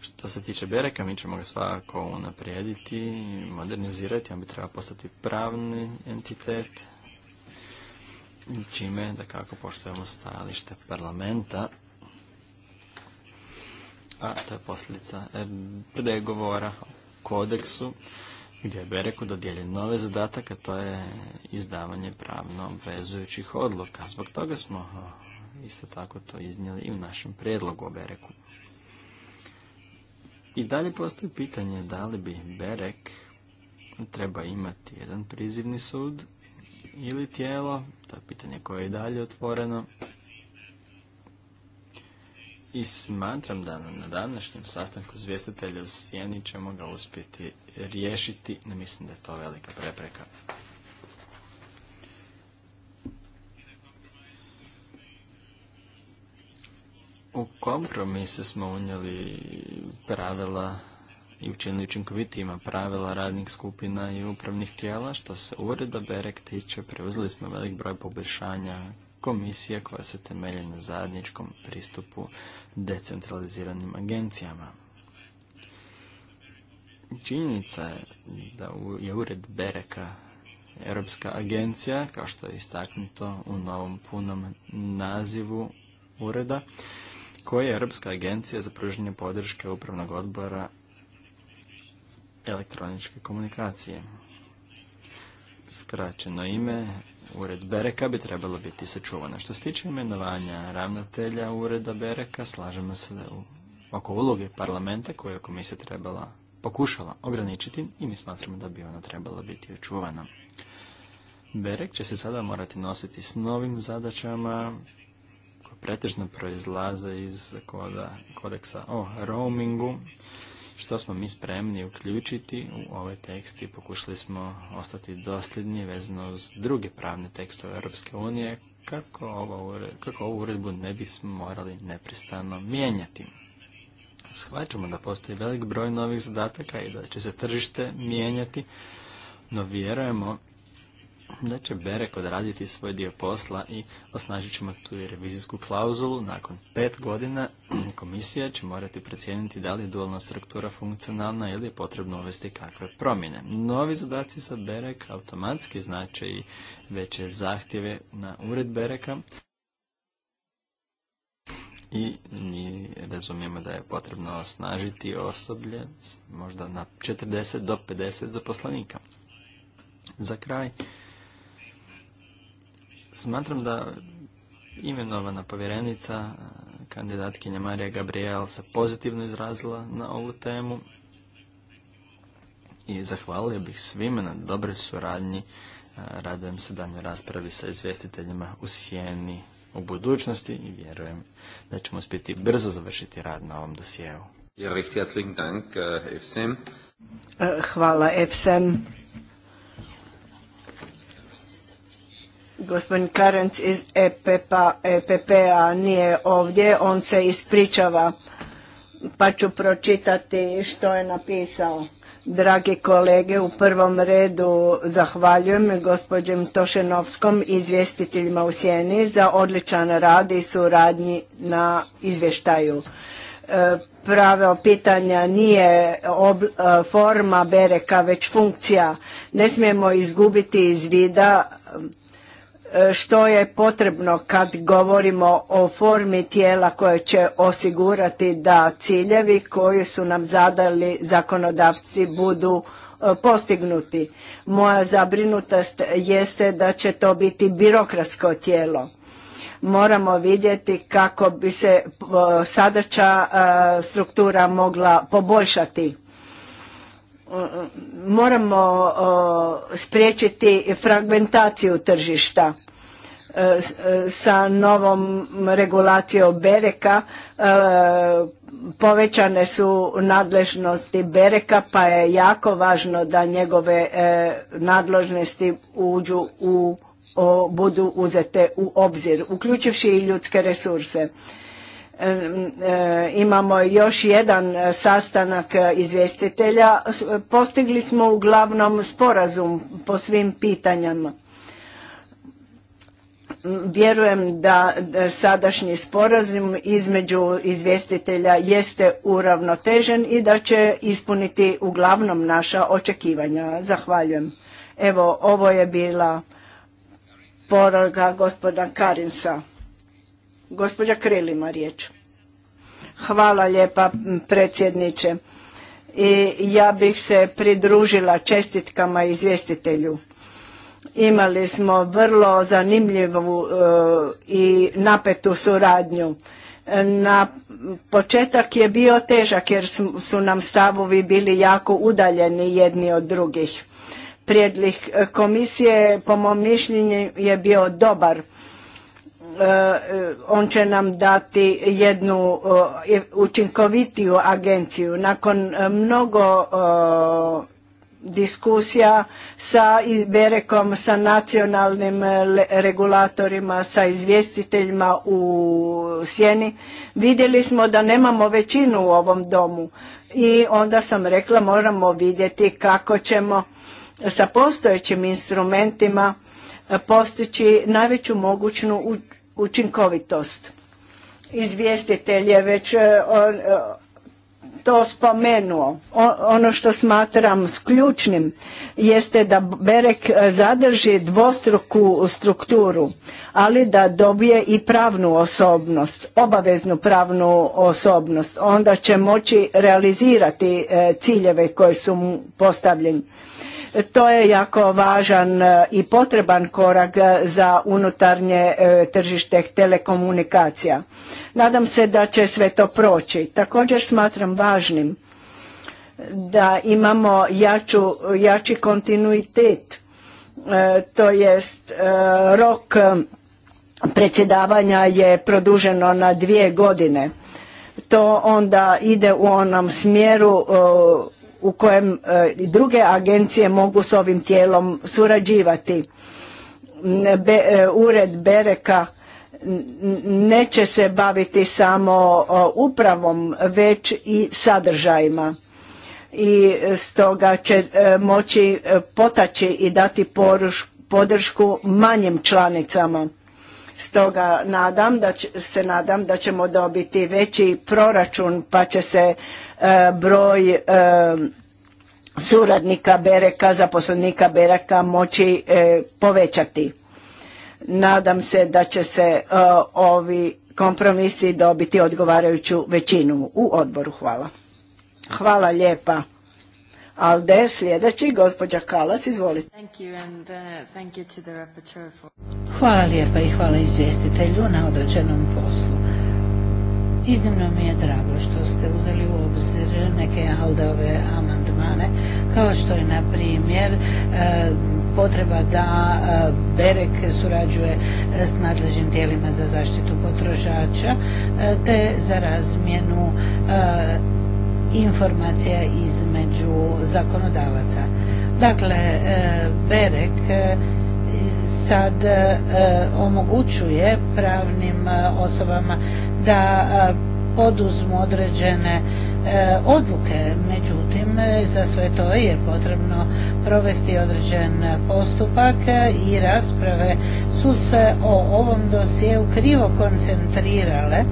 Što se tiče Bereka, mi ćemo ga svakako unaprijediti, modernizirati, on bi trebao postati pravni entitet, čime da kako poštujemo stajalište parlamenta, a to je posljedica e, pregovora o kodeksu gdje je Bereku dodijeljen nove zadatak, to je izdavanje pravno obvezujućih odluka. Zbog toga smo isto tako to iznijeli i u našem prijedlogu o Bereku. I dalje postoji pitanje da li bi Berek treba imati jedan prizivni sud ili tijelo to je pitanje koje je i dalje otvoreno. I smatram da na današnjem sastanku izvjestitelja u Sjeni ćemo ga uspjeti riješiti. Ne mislim da je to velika prepreka. U kompromise smo unijeli pravila i učinili učinkovitijima pravila radnih skupina i upravnih tijela, što se ureda Berek tiče, preuzeli smo velik broj poboljšanja komisije koja se temelje na zajedničkom pristupu decentraliziranim agencijama. Činjenica je da je ured Bereka Europska agencija, kao što je istaknuto u novom punom nazivu ureda, koji je Europska agencija za pružanje podrške upravnog odbora elektroničke komunikacije. Skraćeno ime, ured Bereka bi trebalo biti sačuvano. Što se tiče imenovanja ravnatelja ureda Bereka, slažemo se u, oko uloge parlamenta koju je komisija trebala pokušala ograničiti i mi smatramo da bi ona trebala biti očuvana. Berek će se sada morati nositi s novim zadaćama koje pretežno proizlaze iz kodeksa o roamingu, što smo mi spremni uključiti u ovaj tekst i pokušali smo ostati dosljedni vezano uz druge pravne tekstove Europske unije kako, kako ovu uredbu ne bismo morali nepristano mijenjati. Shvaćamo da postoji velik broj novih zadataka i da će se tržište mijenjati, no vjerujemo da će Berek odraditi svoj dio posla i osnažit ćemo tu i revizijsku klauzulu. Nakon pet godina komisija će morati procijeniti da li je dualna struktura funkcionalna ili je potrebno uvesti kakve promjene. Novi zadaci sa Berek automatski znače i veće zahtjeve na ured Bereka i mi razumijemo da je potrebno osnažiti osoblje možda na 40 do 50 zaposlenika. Za kraj, Smatram da imenovana povjerenica e, kandidatkinja Marija Gabriel se pozitivno izrazila na ovu temu i zahvalio bih svima na dobroj suradnji. E, radujem se danjoj raspravi sa izvjestiteljima u Sijeni u budućnosti i vjerujem da ćemo uspjeti brzo završiti rad na ovom dosjeu. E, hvala EFSEM. Gospodin Karenc iz EPP-a e nije ovdje, on se ispričava, pa ću pročitati što je napisao. Dragi kolege, u prvom redu zahvaljujem gospođem Tošenovskom izvjestiteljima u Sjeni za odličan rad i suradnji na izvještaju. E, pravo pitanja nije e, forma bereka, već funkcija. Ne smijemo izgubiti iz vida što je potrebno kad govorimo o formi tijela koje će osigurati da ciljevi koji su nam zadali zakonodavci budu e, postignuti. Moja zabrinutost jeste da će to biti birokratsko tijelo. Moramo vidjeti kako bi se e, sadača e, struktura mogla poboljšati moramo spriječiti fragmentaciju tržišta e, e, sa novom regulacijom Bereka e, povećane su nadležnosti Bereka pa je jako važno da njegove nadležnosti uđu u budu uzete u obzir uključivši i ljudske resurse E, imamo još jedan e, sastanak e, izvjestitelja. Postigli smo uglavnom sporazum po svim pitanjama. Vjerujem da sadašnji sporazum između izvjestitelja jeste uravnotežen i da će ispuniti uglavnom naša očekivanja. Zahvaljujem. Evo, ovo je bila poroga gospoda Karinsa. Gospođa Krelima riječ. Hvala lijepa predsjedniče. I ja bih se pridružila čestitkama izvjestitelju. Imali smo vrlo zanimljivu e, i napetu suradnju. Na početak je bio težak jer su nam stavovi bili jako udaljeni jedni od drugih. Prijedlih e, komisije po mom mišljenju je bio dobar Eh, on će nam dati jednu eh, učinkovitiju agenciju. Nakon eh, mnogo diskusija sa Berekom, sa nacionalnim regulatorima, sa izvjestiteljima u Sjeni, vidjeli smo da nemamo većinu u ovom domu. I onda sam rekla moramo vidjeti kako ćemo sa postojećim instrumentima postići najveću mogućnu učinkovitost. Izvjestitelj je već e, e, to spomenuo. ono što smatram ključnim jeste da Berek e, zadrži dvostruku strukturu, ali da dobije i pravnu osobnost, obaveznu pravnu osobnost. Onda će moći realizirati ciljeve koji su mu postavljeni. To je jako važan e, i potreban korak e, za unutarnje e, tržište telekomunikacija. Nadam se da će sve to proći. Također smatram važnim da imamo jaču, jači kontinuitet, to jest rok predsjedavanja je produženo na dvije godine. To onda ide u onom smjeru u kojem i e, druge agencije mogu s ovim tijelom surađivati. E, ured Bereka neće se baviti samo upravom, već i sadržajima. I stoga će e, moći potaći i dati podršku manjim članicama. Stoga nadam da se nadam da ćemo dobiti veći proračun pa će se E, broj e, suradnika Bereka, zaposlenika Bereka moći e, povećati. Nadam se da će se ovi kompromisi dobiti odgovarajuću većinu u odboru. Hvala. Hvala lijepa. Alde, sljedeći, gospođa Kalas, izvolite. Uh, hvala lijepa i hvala izvjestitelju na određenom poslu. Iznimno mi je drago što ste uzeli u obzir neke Aldove amandmane, kao što je na primjer e, potreba da e, Berek surađuje e, s nadležnim tijelima za zaštitu potrošača te za razmjenu informacija između zakonodavaca. Dakle, Berek sad e, e, omogućuje pravnim e, osobama da poduzmu određene odluke. Međutim, za sve to je potrebno provesti određen postupak i rasprave su se o ovom dosjeu krivo koncentrirale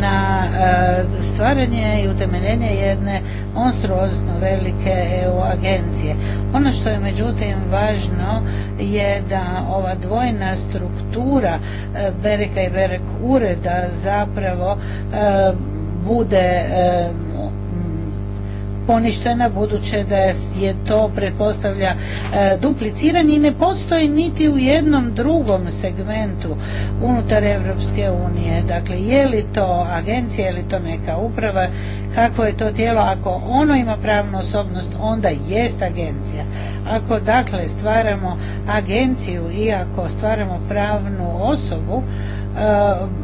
na e, stvaranje i utemeljenje jedne monstruozno velike EU agencije. Ono što je međutim važno je da ova dvojna struktura e, Bereka i Berek ureda zapravo e, bude poništena buduće da je to pretpostavlja e, dupliciranje i ne postoji niti u jednom drugom segmentu unutar Europske unije. Dakle, je li to agencija, je li to neka uprava, kako je to tijelo, ako ono ima pravnu osobnost, onda jest agencija. Ako dakle stvaramo agenciju i ako stvaramo pravnu osobu, e,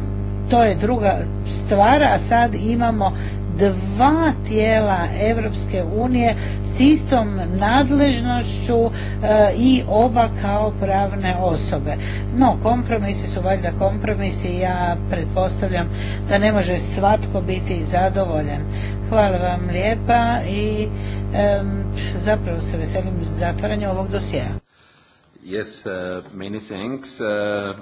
to je druga stvar, a sad imamo dva tijela Europske unije s istom nadležnošću e, i oba kao pravne osobe. No, kompromisi su valjda kompromisi, ja pretpostavljam da ne može svatko biti zadovoljan. Hvala vam lijepa i zapravo se veselim zatvaranju ovog dosjeja. Yes, uh, many uh, uh,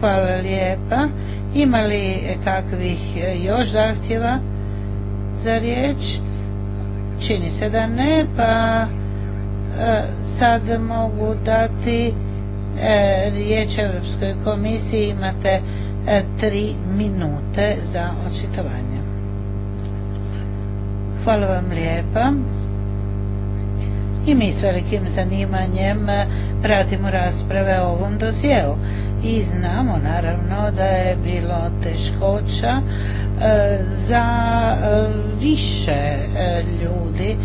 Hvala lijepa. Ima li kakvih e, još zahtjeva za riječ? Čini se da ne, pa e, sad mogu dati e, riječ Europskoj komisiji. Imate tri minute za očitovanje. Hvala vam lijepa i mi s velikim zanimanjem eh, pratimo rasprave o ovom dosjeu i znamo naravno da je bilo teškoća eh, za eh, više ljudi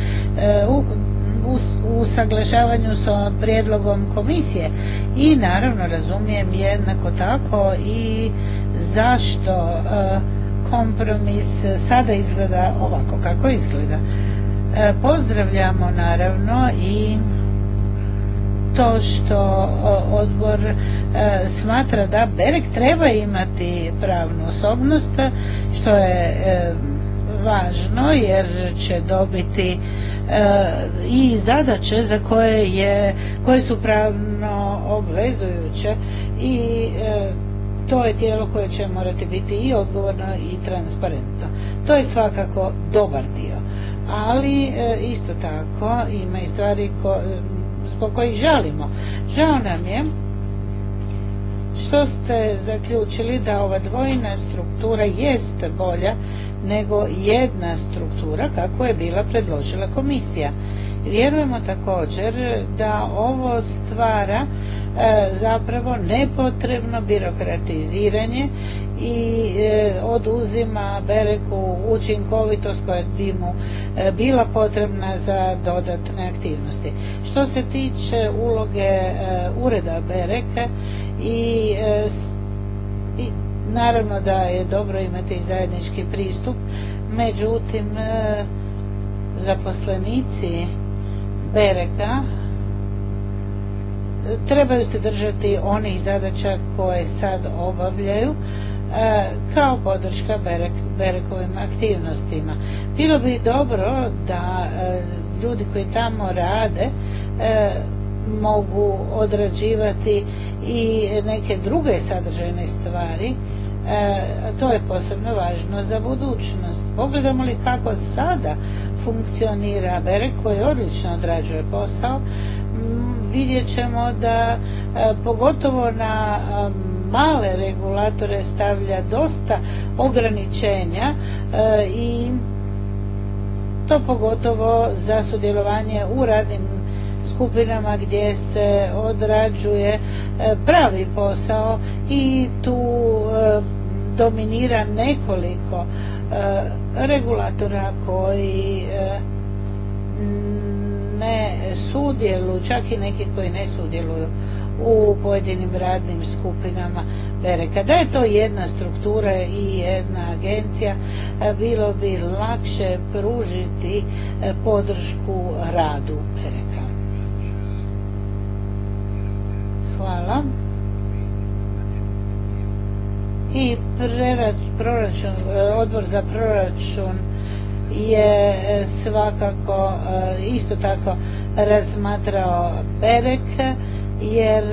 u, u saglašavanju sa prijedlogom komisije i naravno razumijem jednako tako i zašto kompromis sada izgleda ovako kako izgleda E, pozdravljamo naravno i to što odbor e, smatra da Berek treba imati pravnu osobnost, što je e, važno jer će dobiti i zadaće za koje, je, koje su pravno obvezujuće i to je tijelo koje će morati biti i odgovorno i transparentno. To je svakako dobar dio ali e, isto tako ima i stvari ko, e, zbog kojih žalimo. Žao nam je što ste zaključili da ova dvojna struktura jest bolja nego jedna struktura kako je bila predložila komisija. Vjerujemo također da ovo stvara E, zapravo nepotrebno birokratiziranje i e, oduzima Bereku učinkovitost koja bi mu e, bila potrebna za dodatne aktivnosti. Što se tiče uloge ureda Bereka i, naravno da je dobro imati zajednički pristup, međutim zaposlenici Bereka trebaju se držati onih zadaća koje sad obavljaju e, kao podrška Berekovim aktivnostima. Bilo bi dobro da e, ljudi koji tamo rade e, mogu odrađivati i neke druge sadržajne stvari to je posebno važno za budućnost. Pogledamo li kako sada funkcionira Berek koji odlično odrađuje posao, vidjet ćemo da e, pogotovo na e, male regulatore stavlja dosta ograničenja e, i to pogotovo za sudjelovanje u radnim skupinama gdje se odrađuje pravi posao i tu dominira nekoliko regulatora koji sudjeluju, čak i neki koji ne sudjeluju u pojedinim radnim skupinama Bereka. Da je to jedna struktura i jedna agencija, e, bilo bi lakše pružiti e, podršku radu Bereka. Hvala. I proračun, e, odbor za proračun je svakako isto tako razmatrao Berek jer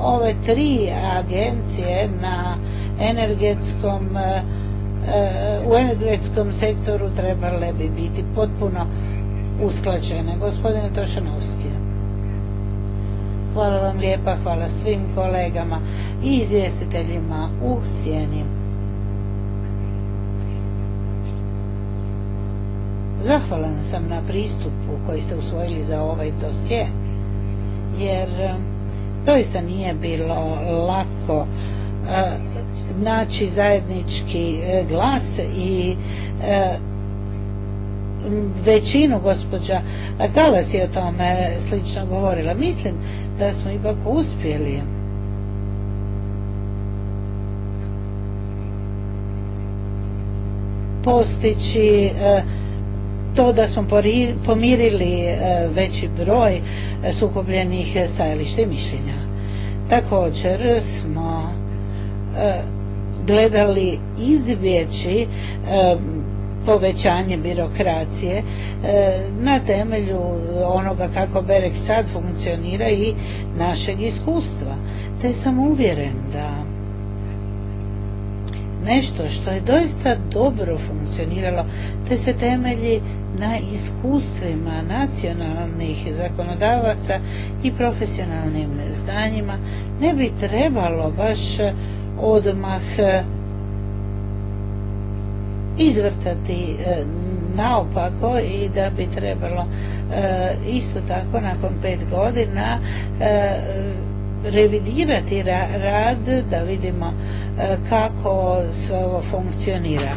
ove tri agencije na energetskom e, e, u energetskom sektoru trebale bi biti potpuno usklađene. Gospodine Tošanovski. Hvala vam lijepa, hvala svim kolegama i izvjestiteljima u Sjeni. Zahvalan sam na pristupu koji ste usvojili za ovaj dosje, jer e, doista nije bilo lako e, naći zajednički e, glas i većinu gospođa Galas je o tome slično govorila. Mislim da smo ipak uspjeli postići to da smo pomirili e, veći broj e, sukobljenih stajališta i mišljenja. Također smo e, gledali izvjeći povećanje birokracije na temelju onoga kako Berek sad funkcionira i našeg iskustva. Te sam uvjeren da nešto što je doista dobro funkcioniralo, te se temelji na iskustvima nacionalnih zakonodavaca i profesionalnim znanjima ne bi trebalo baš odmah e, izvrtati e, naopako i da bi trebalo e, isto tako nakon pet godina revidirati rad da vidimo kako sve ovo funkcionira.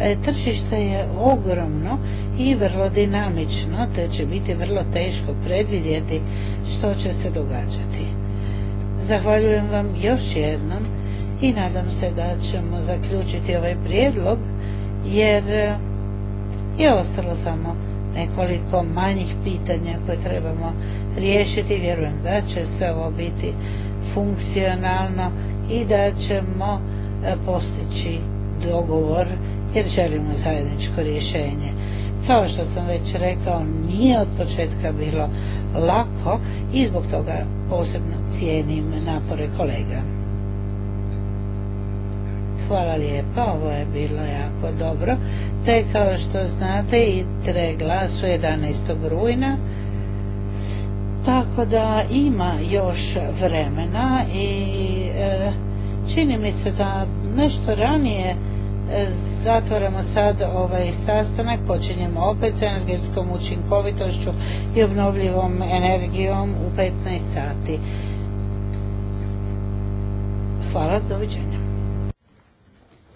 E, tržište je ogromno i vrlo dinamično, te će biti vrlo teško predvidjeti što će se događati. Zahvaljujem vam još jednom i nadam se da ćemo zaključiti ovaj prijedlog, jer e, je ostalo samo nekoliko manjih pitanja koje trebamo riješiti. Vjerujem da će sve ovo biti funkcionalno i da ćemo e, postići dogovor jer želimo zajedničko rješenje. Kao što sam već rekao, nije od početka bilo lako i zbog toga posebno cijenim napore kolega. Hvala lijepa, ovo je bilo jako dobro. Te kao što znate, i tre glasu 11. rujna, tako da ima još vremena i e, čini mi se da nešto ranije Zatvaramo sad ovaj sastanak, počinjemo opet s energetskom učinkovitošću i obnovljivom energijom u 15 sati. Hvala, doviđenja.